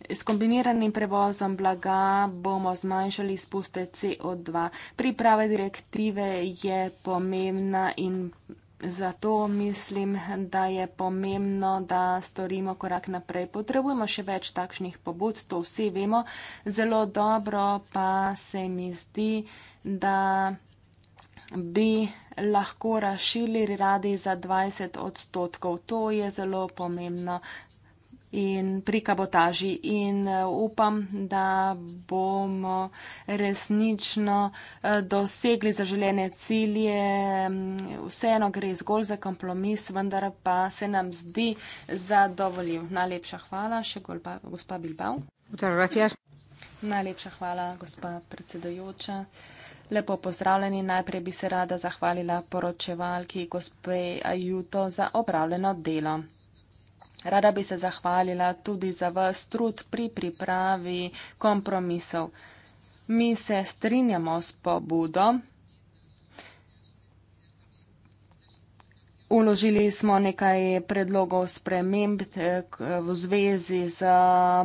S kombiniranim prevozom blaga bomo zmanjšali spuste CO2. Priprava direktive je pomembna in Zato mislim, da je pomembno, da storimo korak naprej. Potrebujemo še več takšnih pobud, to vsi vemo. Zelo dobro pa se mi zdi, da bi lahko rašili radi za 20 odstotkov. To je zelo pomembno, in pri kabotaži in eh, upam, da bomo resnično eh, dosegli zaželene cilje. Mm, vseeno gre zgolj za kompromis, vendar pa se nam zdi zadovoljiv. Najlepša hvala, še gol pa gospa Bilbao. Najlepša hvala, gospa predsedojoča. Lepo pozdravljeni. Najprej bi se rada zahvalila poročevalki gospe Ajuto za opravljeno delo. Rada bi se zahvalila tudi za vas trud pri pripravi kompromisov. Mi se strinjamo s pobudo, Uložili smo nekaj predlogov sprememb eh, v zvezi z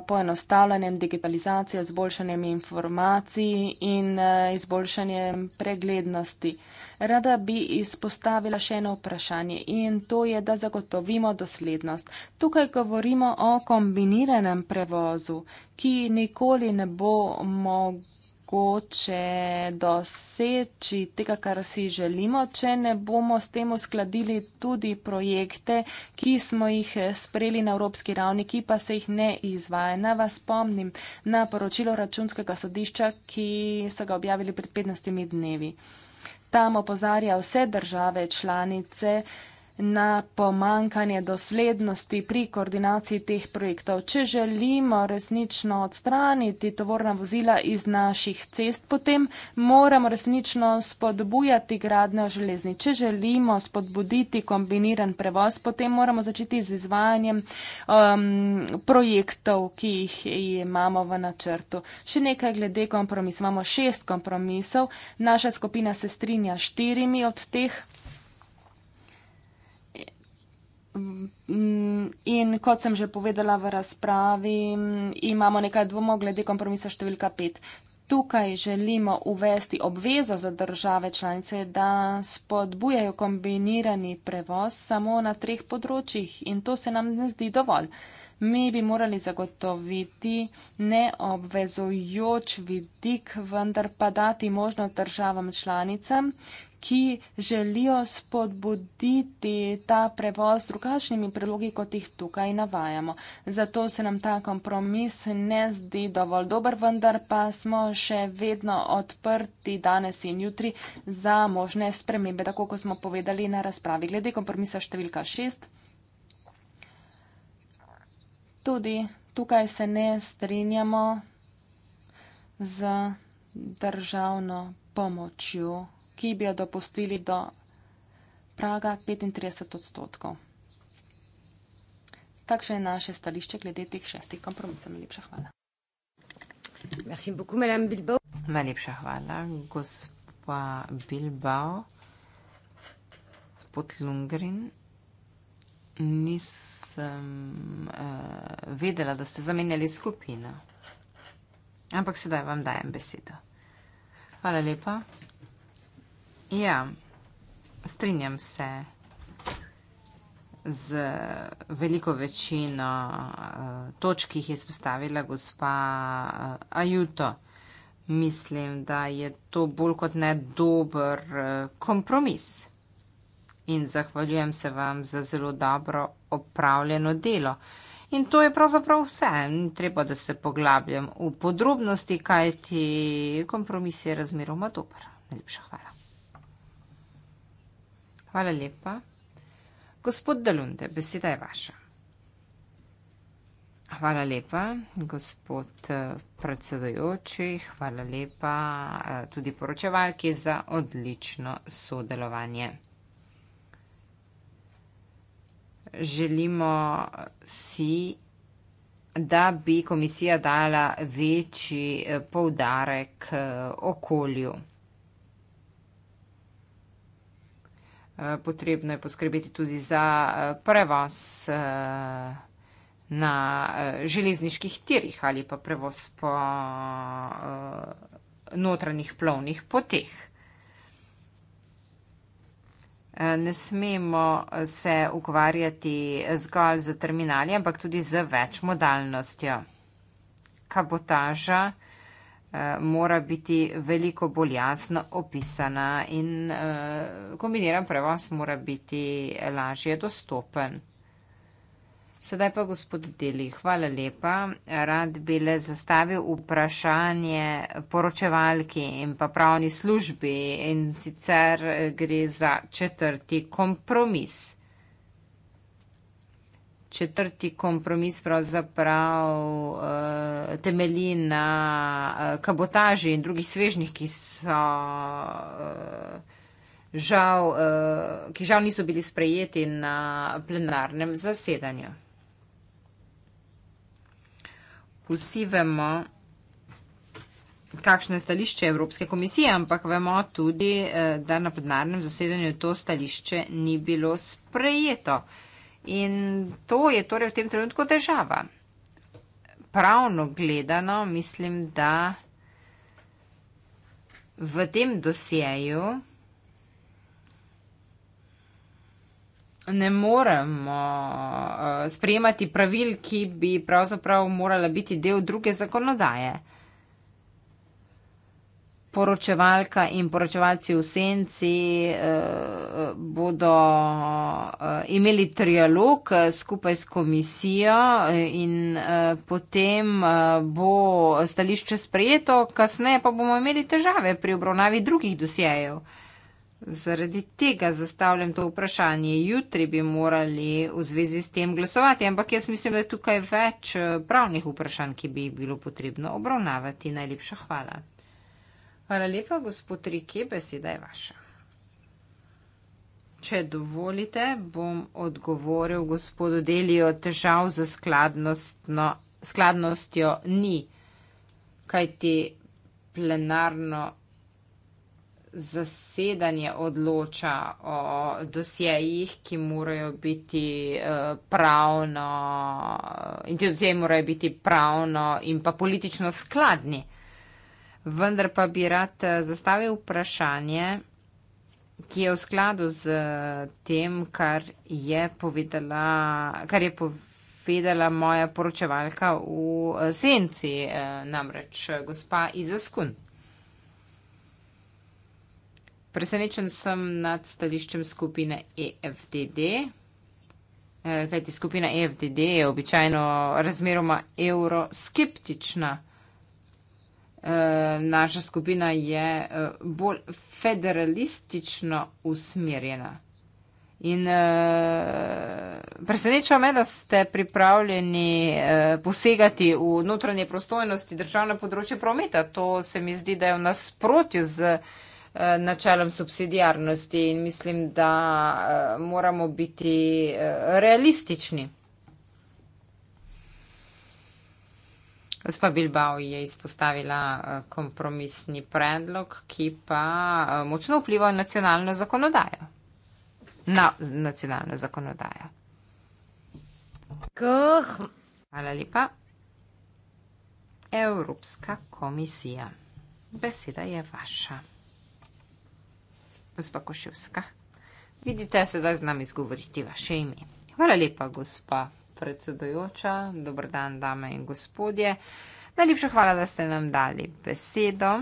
poenostavljanjem digitalizacije, zboljšanjem informacij in eh, izboljšanjem preglednosti. Rada bi izpostavila še eno vprašanje in to je, da zagotovimo doslednost. Tukaj govorimo o kombiniranem prevozu, ki nikoli ne bo mogel mogoče doseči tega, kar si želimo, če ne bomo s tem uskladili tudi projekte, ki smo jih sprejeli na evropski ravni, ki pa se jih ne izvaja. Na vas spomnim na poročilo računskega sodišča, ki so ga objavili pred 15 dnevi. Tam opozarja vse države članice, na pomankanje doslednosti pri koordinaciji teh projektov. Če želimo resnično odstraniti tovorna vozila iz naših cest, potem moramo resnično spodbujati gradno železni. Če želimo spodbuditi kombiniran prevoz, potem moramo začeti z izvajanjem um, projektov, ki jih imamo v načrtu. Še nekaj glede kompromisov. Imamo šest kompromisov. Naša skupina se strinja štirimi od teh. In kot sem že povedala v razpravi, imamo nekaj dvomov glede kompromisa številka 5. Tukaj želimo uvesti obvezo za države članice, da spodbujajo kombinirani prevoz samo na treh področjih in to se nam ne zdi dovolj. Mi bi morali zagotoviti neobvezojoč vidik, vendar pa dati možnost državam članicam, ki želijo spodbuditi ta prevoz z drugačnimi predlogi, kot jih tukaj navajamo. Zato se nam ta kompromis ne zdi dovolj dober, vendar pa smo še vedno odprti danes in jutri za možne spremembe, tako kot smo povedali na razpravi. Glede kompromisa številka šest, tudi tukaj se ne strinjamo z državno pomočjo ki bi jo dopustili do praga 35 odstotkov. Takšno je naše stališče glede teh šestih kompromisov. Najlepša hvala. Merci beaucoup, madame Bilbao. Najlepša hvala, gospa Bilbao. Gospod Lungrin, nisem uh, vedela, da ste zamenjali skupino. Ampak sedaj vam dajem besedo. Hvala lepa. Ja, strinjam se z veliko večino uh, točk, ki jih je spostavila gospa uh, Ajuto. Mislim, da je to bolj kot ne dober uh, kompromis. In zahvaljujem se vam za zelo dobro opravljeno delo. In to je pravzaprav vse. Ni treba, da se poglabljam v podrobnosti, kajti kompromis je razmeroma dober. Najlepša hvala. Hvala lepa. Gospod Dalunde, beseda je vaša. Hvala lepa, gospod eh, predsedojoči, hvala lepa eh, tudi poročevalki za odlično sodelovanje. Želimo si, da bi komisija dala večji eh, poudarek okolju. potrebno je poskrbeti tudi za eh, prevoz eh, na eh, železniških tirih ali pa prevoz po notranjih plovnih poteh. Ne smemo se ukvarjati zgolj z terminali, ampak tudi z večmodalnostjo. Kabotaža. Eh, mora biti veliko bolj jasno opisana in eh, kombiniran prevoz mora biti lažje dostopen. Sedaj pa gospod Deli, hvala lepa. Rad bi le zastavil vprašanje poročevalki in pa pravni službi in sicer eh, gre za četrti kompromis četrti kompromis pravzaprav uh, temelji na uh, kabotaži in drugih svežnjih, ki so uh, žal, uh, ki žal niso bili sprejeti na plenarnem zasedanju. Vsi vemo, kakšno je stališče Evropske komisije, ampak vemo tudi, da na plenarnem zasedanju to stališče ni bilo sprejeto. Uh, In to je torej v tem trenutku težava. Pravno gledano, mislim, da v tem dosjeju ne moremo eh, sprejemati pravil, ki bi pravzaprav morala biti del druge zakonodaje poročevalka in poročevalci v senci eh, bodo eh, imeli trialog eh, skupaj s komisijo in potem bo stališče sprejeto, kasneje pa bomo imeli težave pri obravnavi drugih dosjejev. Zaradi tega zastavljam to vprašanje. Jutri bi morali v zvezi s tem glasovati, ampak jaz mislim, da je tukaj več pravnih vprašanj, ki bi jih bilo potrebno obravnavati. Najlepša hvala. Hvala lepa, gospod Rike, beseda je vaša. Če dovolite, bom odgovoril gospodu Delijo, težav za skladnostno, skladnostjo ni, kajti plenarno zasedanje odloča o dosjejih, ki morajo biti eh, pravno in ti dosjeji morajo biti pravno in pa politično skladni vendar pa bi rad eh, zastavil vprašanje, ki je v skladu z eh, tem, kar je povedala, kar je povedala moja poročevalka v eh, senci, namreč gospa Izaskun. Presenečen sem nad stališčem skupine EFDD, kajti skupina EFDD je običajno razmeroma evroskeptična. Eh, naša skupina je eh, bolj federalistično usmerjena. In uh, preseneča me, da ste pripravljeni uh, posegati v notranje prostojnosti državne področje prometa. To se mi zdi, da je v nasprotju z uh, načelom subsidijarnosti in mislim, da uh, moramo biti uh, realistični. Gospa Bilbao je izpostavila eh, kompromisni predlog, ki pa eh, močno vpliva na nacionalno zakonodajo. Na nacionalno zakonodajo. Kuh. Hvala lepa. Evropska komisija. Beseda je vaša. Gospa Koševska, vidite, se da znam izgovoriti vaše ime. Hvala lepa, gospa predsedujoča, dober dan, dame in gospodje. Najlepša hvala, da ste nam dali besedo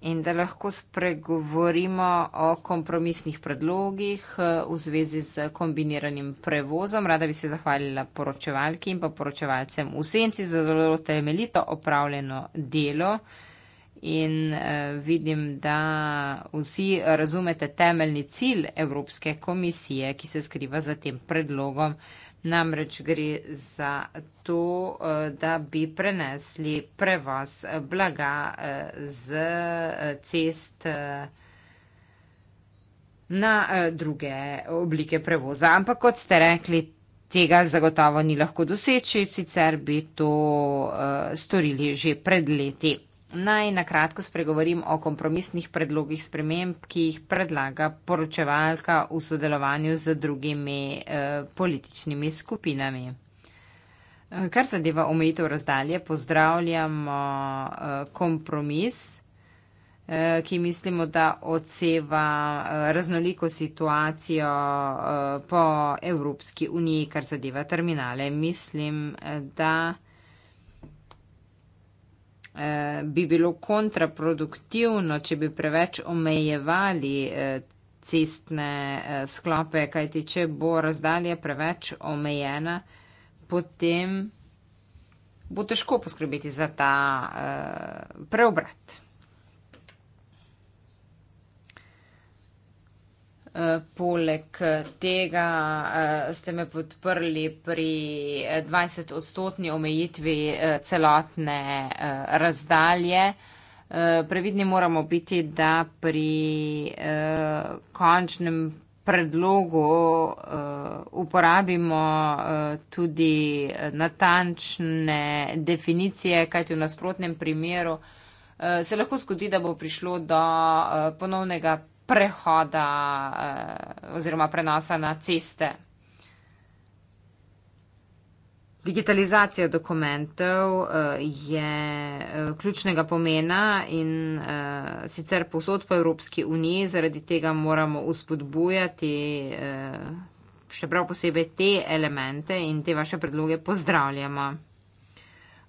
in da lahko spregovorimo o kompromisnih predlogih eh, v zvezi z kombiniranim prevozom. Rada bi se zahvalila poročevalki in pa poročevalcem v senci za zelo temeljito opravljeno delo in eh, vidim, da vsi razumete temeljni cilj Evropske komisije, ki se skriva za tem predlogom. Namreč gre za to, eh, da bi prenesli prevoz blaga eh, z cest na druge oblike prevoza. Ampak kot ste rekli, tega zagotovo ni lahko doseči, sicer bi to storili že pred leti. Naj na kratko spregovorim o kompromisnih predlogih sprememb, ki jih predlaga poročevalka v sodelovanju z drugimi eh, političnimi skupinami. Eh, kar zadeva omejitev razdalje, pozdravljamo eh, kompromis, eh, ki mislimo, da odseva eh, raznoliko situacijo eh, po Evropski uniji, kar zadeva terminale. Mislim, eh, da eh, bi bilo kontraproduktivno, če bi preveč omejevali eh, cestne eh, sklope, kajti če bo razdalja preveč omejena, potem bo težko poskrbeti za ta eh, preobrat. Eh, poleg tega eh, ste me podprli pri 20-odstotni omejitvi eh, celotne razdalje. Previdni moramo biti, da pri končnem predlogu uporabimo tudi natančne definicije, kajti v nasprotnem primeru se lahko zgodi, da bo prišlo do ponovnega prehoda eh, oziroma prenosa na ceste. Digitalizacija dokumentov eh, je eh, ključnega pomena in eh, sicer posod po Evropski uniji, zaradi tega moramo uspodbujati eh, še prav posebej te elemente in te vaše predloge pozdravljamo.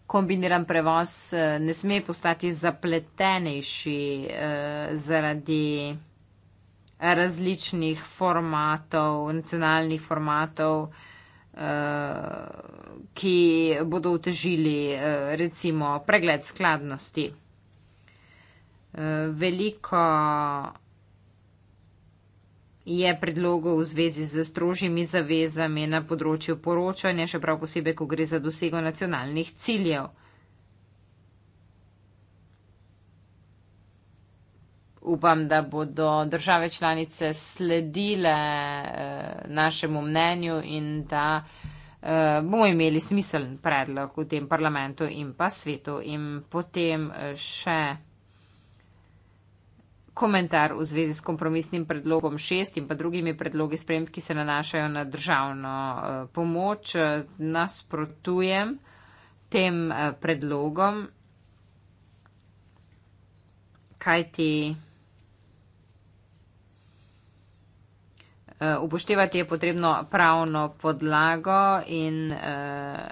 Kombiniran prevoz eh, ne sme postati zapletenejši eh, zaradi različnih formatov, nacionalnih formatov, eh, ki bodo utežili eh, recimo pregled skladnosti. Eh, veliko je predlogov v zvezi z strožjimi zavezami na področju poročanja, še prav posebej, ko gre za dosego nacionalnih ciljev. upam, da bodo države članice sledile eh, našemu mnenju in da eh, bomo imeli smiseln predlog v tem parlamentu in pa svetu in potem eh, še. Komentar v zvezi s kompromisnim predlogom šest in pa drugimi predlogi sprememb, ki se nanašajo na državno pomoč, nasprotujem tem predlogom, kajti Eh, upoštevati je potrebno pravno podlago in eh,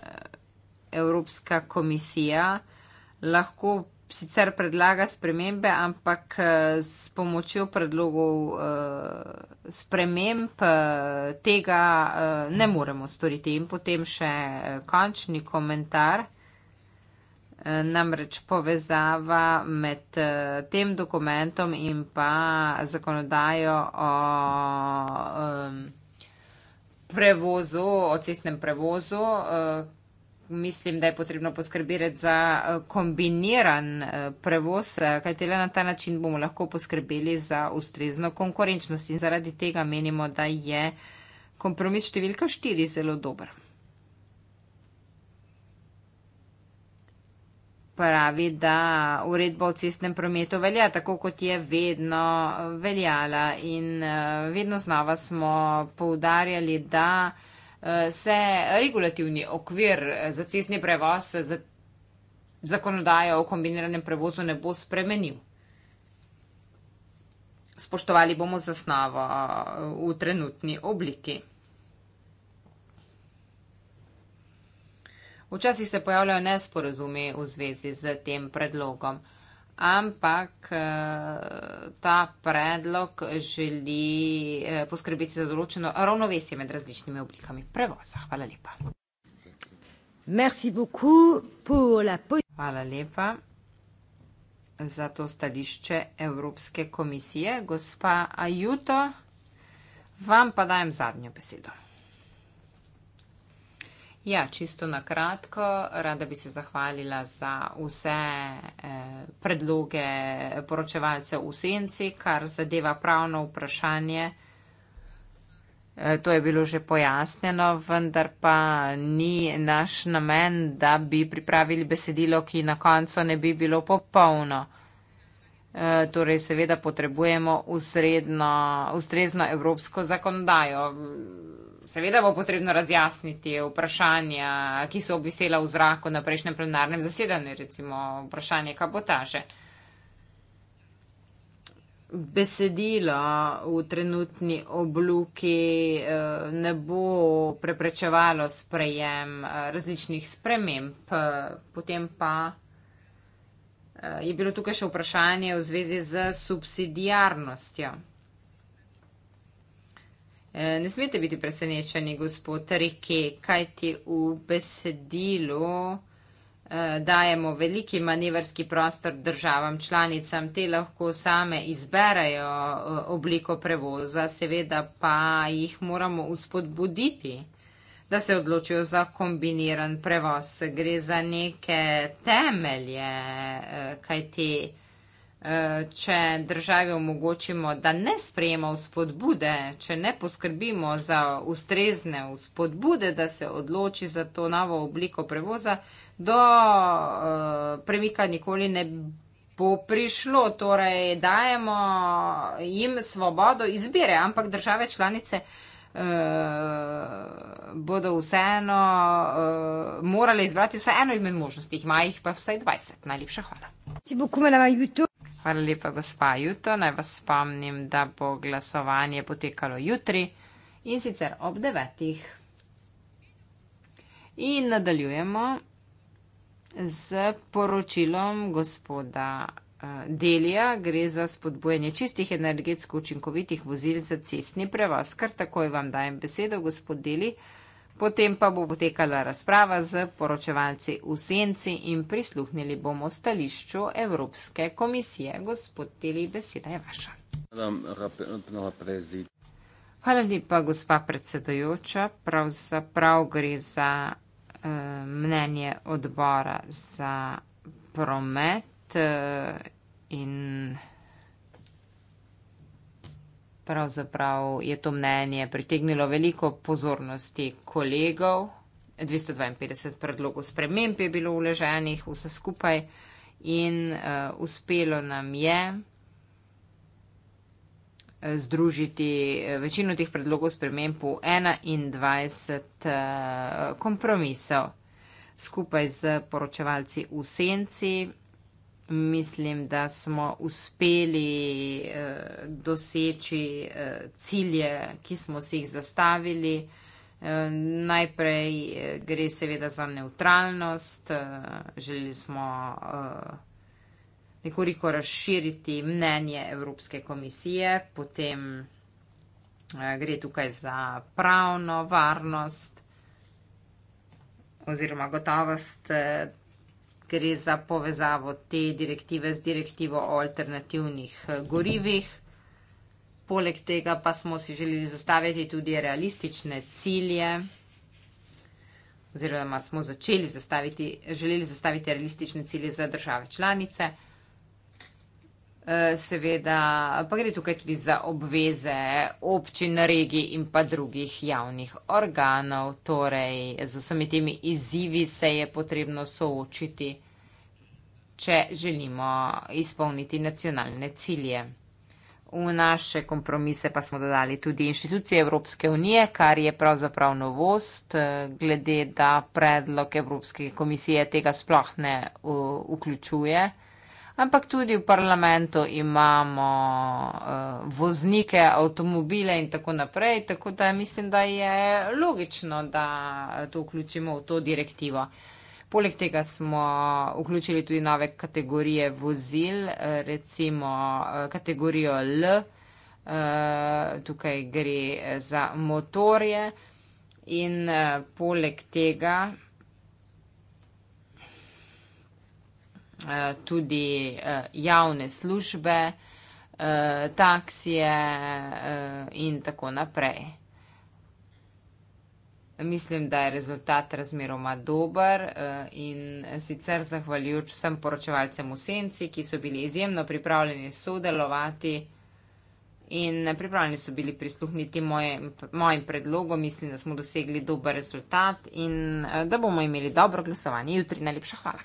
Evropska komisija lahko sicer predlaga spremembe, ampak eh, s pomočjo predlogov sprememb tega ne moremo storiti. In potem še končni komentar. Namreč povezava med eh, tem dokumentom in pa zakonodajo o prevozu, o cestnem prevozu. Eh, mislim, da je potrebno poskrbeti za eh, kombiniran prevoz, kajte le na ta način bomo lahko poskrbeli za ustrezno konkurenčnost in zaradi tega menimo, da je kompromis številka 4 zelo dober. pravi, da uredba o cestnem prometu velja tako, kot je vedno eh, veljala in eh, vedno znova smo poudarjali, da eh, se regulativni okvir za cestni prevoz, za zakonodajo o kombiniranem prevozu ne bo spremenil. Spoštovali bomo zasnovo v trenutni obliki. včasih se pojavljajo nesporazumi v zvezi z tem predlogom. Ampak eh, ta predlog želi eh, poskrbeti za določeno ravnovesje med različnimi oblikami prevoza. Hvala lepa. Hvala lepa za to stališče Evropske komisije. Gospa Ajuto, vam pa dajem zadnjo besedo. Ja, čisto na kratko. Rada bi se zahvalila za vse eh, predloge poročevalcev v senci, kar zadeva pravno vprašanje. Eh, to je bilo že pojasneno, vendar pa ni naš namen, da bi pripravili besedilo, ki na koncu ne bi bilo popolno. Eh, torej, seveda potrebujemo ustrezno evropsko zakonodajo seveda bo potrebno razjasniti vprašanja, ki so obvisela v zraku na prejšnjem plenarnem zasedanju, recimo vprašanje kabotaže. Besedilo v trenutni obluki eh, ne bo preprečevalo sprejem eh, različnih sprememb, eh, potem pa je bilo tukaj še vprašanje v zvezi z subsidijarnostjo. E, ne smete biti presenečeni, gospod Rike, kaj ti v besedilu e, dajemo veliki manevrski prostor državam članicam, te lahko same izberajo e, obliko prevoza, seveda pa jih moramo uspodbuditi, da se odločijo za kombiniran prevoz. Gre za neke temelje, kaj ti te Eh, če državi omogočimo, da ne sprejema vzpodbude, če ne poskrbimo za ustrezne vzpodbude, da se odloči za to novo obliko prevoza, do eh, premika nikoli ne bo prišlo. Torej, dajemo jim svobodo izbire, ampak države članice eh, bodo vseeno morali izbrati vse eno izmed možnosti. Ima jih pa vsaj 20. Najlepša hvala. Hvala lepa, gospa Juto. Naj vas spomnim, da bo glasovanje potekalo jutri in sicer ob devetih. In nadaljujemo z poročilom gospoda eh, Delija. Gre za spodbujanje čistih energetsko učinkovitih vozil za cestni prevoz. Kar takoj vam dajem besedo, gospod Deli. Uh, Potem pa bo potekala razprava z poročevalci v senci in prisluhnili bomo stališču Evropske komisije. Gospod Teli, beseda je vaša. Hvala lepa, gospa predsedojoča. Pravzaprav gre za eh, mnenje odbora za promet eh, in pravzaprav je to mnenje pritegnilo veliko pozornosti kolegov. 252 predlogov sprememb je bilo uleženih vse skupaj in uh, uspelo nam je eh, združiti eh, večino teh predlogov sprememb v 21 uh, kompromisov skupaj z poročevalci v senci mislim, da smo uspeli eh, doseči eh, cilje, ki smo si jih zastavili. Eh, najprej eh, gre seveda za neutralnost. Eh, želeli smo eh, nekoliko razširiti mnenje Evropske komisije, potem eh, gre tukaj za pravno varnost oziroma gotovost. Eh, gre za povezavo te direktive z direktivo o alternativnih eh, gorivih. Poleg tega pa smo si želeli zastaviti tudi realistične cilje, oziroma smo začeli zastaviti, želeli zastaviti realistične cilje za države članice. Eh, seveda pa gre tukaj tudi za obveze občin, regij in pa drugih javnih organov. Torej, z vsemi temi izzivi se je potrebno soočiti, če želimo izpolniti nacionalne cilje. V naše kompromise pa smo dodali tudi inštitucije Evropske unije, kar je pravzaprav novost, eh, glede da predlog Evropske komisije tega sploh ne eh, vključuje. Uh, ampak tudi v parlamentu imamo uh, voznike, avtomobile in tako naprej. Tako da mislim, da je logično, da to vključimo v to direktivo. Poleg tega smo vključili tudi nove kategorije vozil, eh, recimo eh, kategorijo L, tukaj gre za motorje in poleg tega. Eh, tudi eh, javne službe, eh, taksije in tako naprej. Mislim, da je rezultat razmeroma dober in sicer zahvaljujoč vsem poročevalcem v senci, ki so bili izjemno pripravljeni sodelovati in pripravljeni so bili prisluhniti mojim, mojim predlogom. Mislim, da smo dosegli dober rezultat in da bomo imeli dobro glasovanje jutri. Najlepša hvala.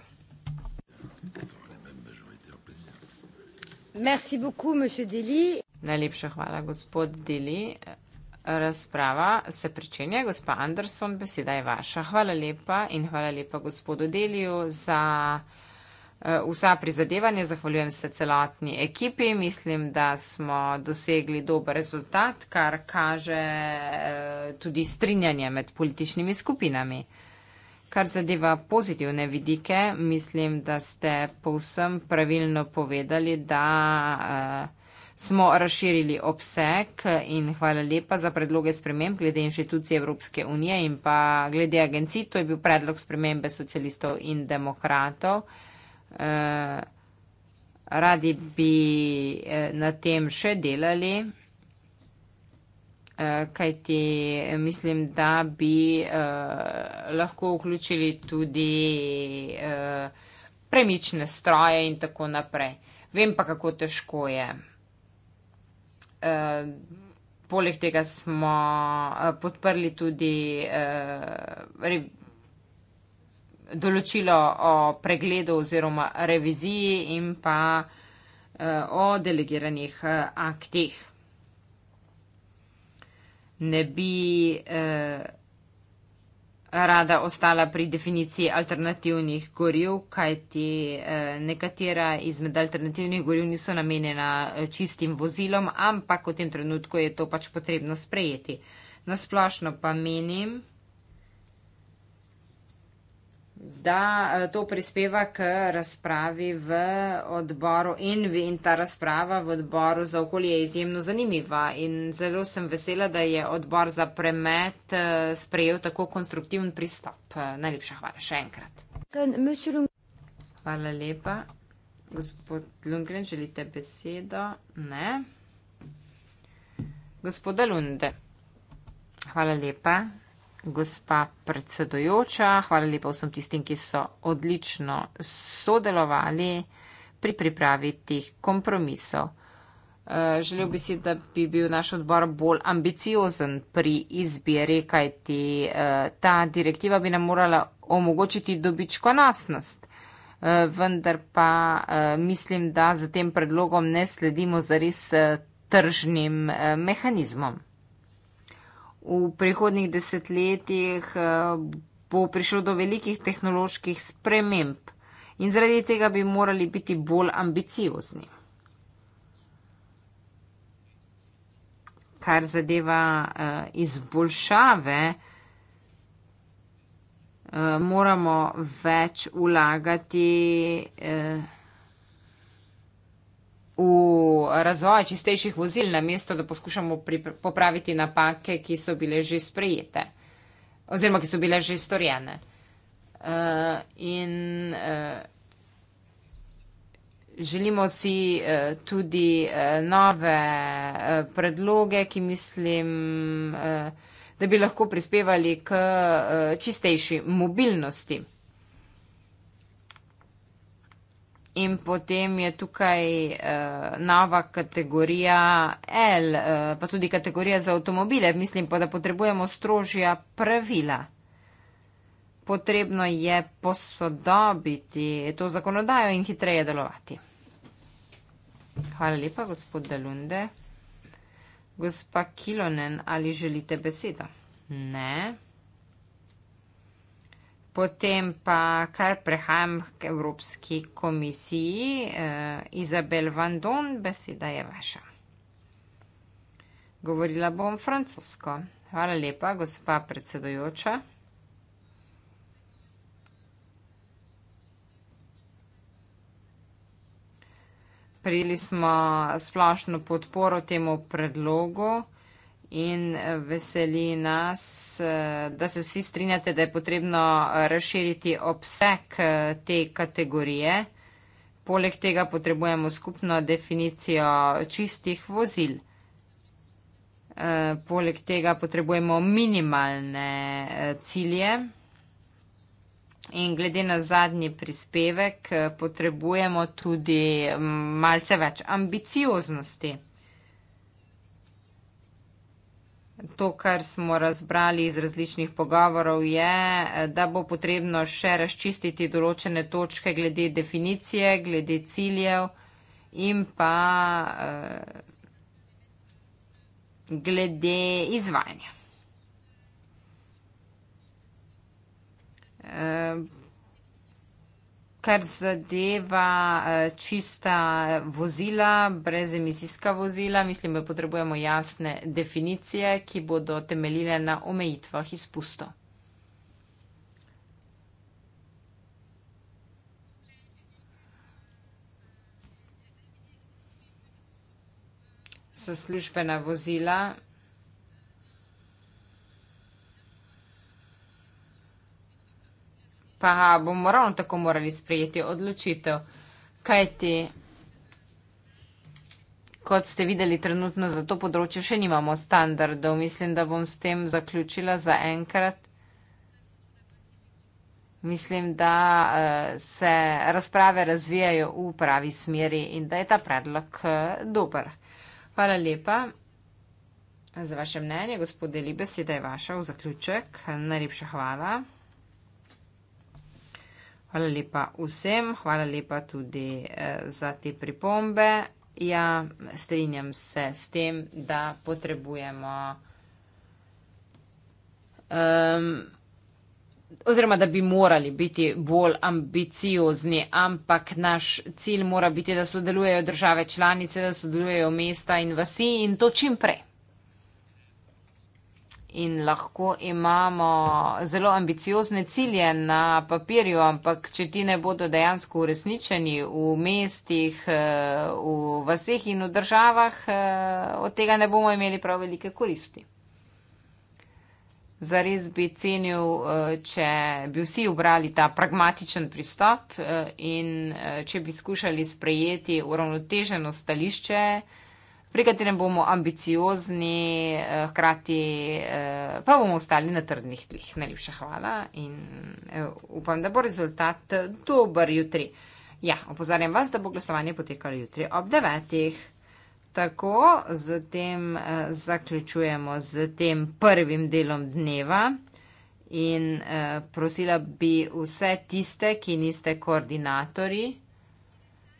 Merci beaucoup, monsieur Deli. Najlepša hvala, gospod Deli. Razprava se pričenja, gospa Anderson, beseda je vaša. Hvala lepa in hvala lepa gospodu Deliju za eh, vsa prizadevanja. Zahvaljujem se celotni ekipi. Mislim, da smo dosegli dober rezultat, kar kaže eh, tudi strinjanje med političnimi skupinami. Kar zadeva pozitivne vidike, mislim, da ste povsem pravilno povedali, da uh, smo razširili obseg in hvala lepa za predloge sprememb glede inštitucije Evropske unije in pa glede agencij. To je bil predlog spremembe socialistov in demokratov. Uh, radi bi eh, na tem še delali. Eh, kajti eh, mislim, da bi eh, lahko vključili tudi premične stroje in tako naprej. Vem pa, kako težko je. Poleg tega smo podprli tudi določilo o pregledu oziroma reviziji in pa o delegiranih aktih ne bi eh, rada ostala pri definiciji alternativnih goriv, kajti eh, nekatera izmed alternativnih goriv niso namenjena eh, čistim vozilom, ampak v tem trenutku je to pač potrebno sprejeti. Nasplošno pa menim, da eh, to prispeva k razpravi v odboru in, in ta razprava v odboru za okolje je izjemno zanimiva in zelo sem vesela, da je odbor za premet eh, sprejel tako konstruktiven pristop. Eh, najlepša hvala še enkrat. Hvala lepa. Gospod Lundgren, želite besedo? Ne. Gospoda Lunde. Hvala lepa gospa predsedojoča, hvala lepa vsem tistim, ki so odlično sodelovali pri pripravi teh kompromisov. Eh, želel bi si, da bi bil naš odbor bolj ambiciozen pri izbiri, kajti eh, ta direktiva bi nam morala omogočiti dobičkonosnost. Eh, vendar pa mislim, da z tem predlogom ne sledimo zares tržnim mehanizmom v prihodnih desetletjih eh, bo prišlo do velikih tehnoloških sprememb in zaradi tega bi morali biti bolj ambiciozni. Kar zadeva eh, izboljšave, eh, moramo več vlagati vsega, v razvoj čistejših vozil, na mesto, da poskušamo popraviti napake, ki so bile že sprejete oziroma ki so bile že storjene. Uh, in uh, želimo si uh, tudi uh, nove uh, predloge, ki mislim, uh, da bi lahko prispevali k uh, čistejši mobilnosti. In potem je tukaj uh, nova kategorija L, uh, pa tudi kategorija za avtomobile. Mislim pa, da potrebujemo strožja pravila. Potrebno je posodobiti to zakonodajo in hitreje delovati. Hvala lepa, gospod Dalunde. Gospa Kilonen, ali želite besedo? Ne. Potem pa kar prehajam k Evropski komisiji. Uh, Izabel Van Don, beseda je vaša. Govorila bom francosko. Hvala lepa, gospa predsedojoča. Prijeli smo splošno podporo temu predlogu in eh, veseli nas, eh, da se vsi strinjate, da je potrebno eh, razširiti obseg te kategorije. Poleg tega potrebujemo skupno definicijo čistih vozil. Poleg tega potrebujemo minimalne cilje. In glede na zadnji prispevek potrebujemo tudi mm, malce več ambicioznosti. to, kar smo razbrali iz različnih pogovorov, je, da bo potrebno še razčistiti določene točke glede definicije, glede ciljev in pa uh, glede izvajanja. Uh, kar zadeva eh, čista eh, vozila, brezemisijska vozila, mislim, da potrebujemo jasne definicije, ki bodo temeljile na omejitvah izpustov. Za službena vozila pa bomo ravno tako morali sprejeti odločitev. Kaj ti, kot ste videli, trenutno za to področje še nimamo standardov. Mislim, da bom s tem zaključila za enkrat. Mislim, da eh, se razprave razvijajo v pravi smeri in da je ta predlog eh, dober. Hvala lepa za vaše mnenje, gospod Delibes, je da je vaša v zaključek. Najlepša hvala. Hvala lepa vsem, hvala lepa tudi eh, za te pripombe. Ja, strinjam se s tem, da potrebujemo. Um, oziroma, da bi morali biti bolj ambiciozni, ampak naš cilj mora biti, da sodelujejo države članice, da sodelujejo mesta in vasi in to čim prej in lahko imamo zelo ambiciozne cilje na papirju, ampak če ti ne bodo dejansko uresničeni v mestih, eh, v vseh in v državah, eh, od tega ne bomo imeli prav velike koristi. Zares bi cenil, eh, če bi vsi obrali ta pragmatičen pristop in če bi skušali sprejeti uravnoteženo stališče, pri katerem bomo ambiciozni, eh, hkrati eh, pa bomo ostali na trdnih tlih. Najlepša hvala in eh, upam, da bo rezultat dober jutri. Ja, opozarjam vas, da bo glasovanje potekalo jutri ob devetih. Tako, zatem eh, zaključujemo z tem prvim delom dneva in eh, prosila bi vse tiste, ki niste koordinatori,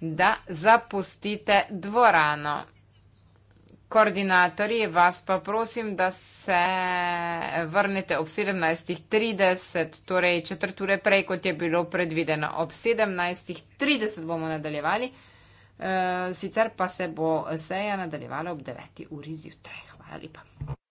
da zapustite dvorano koordinatorji, vas pa prosim, da se vrnete ob 17.30, torej četrt ure prej, kot je bilo predvideno. Ob 17.30 bomo nadaljevali, eh, sicer pa se bo seja nadaljevala ob 9. uri zjutraj. Hvala lepa.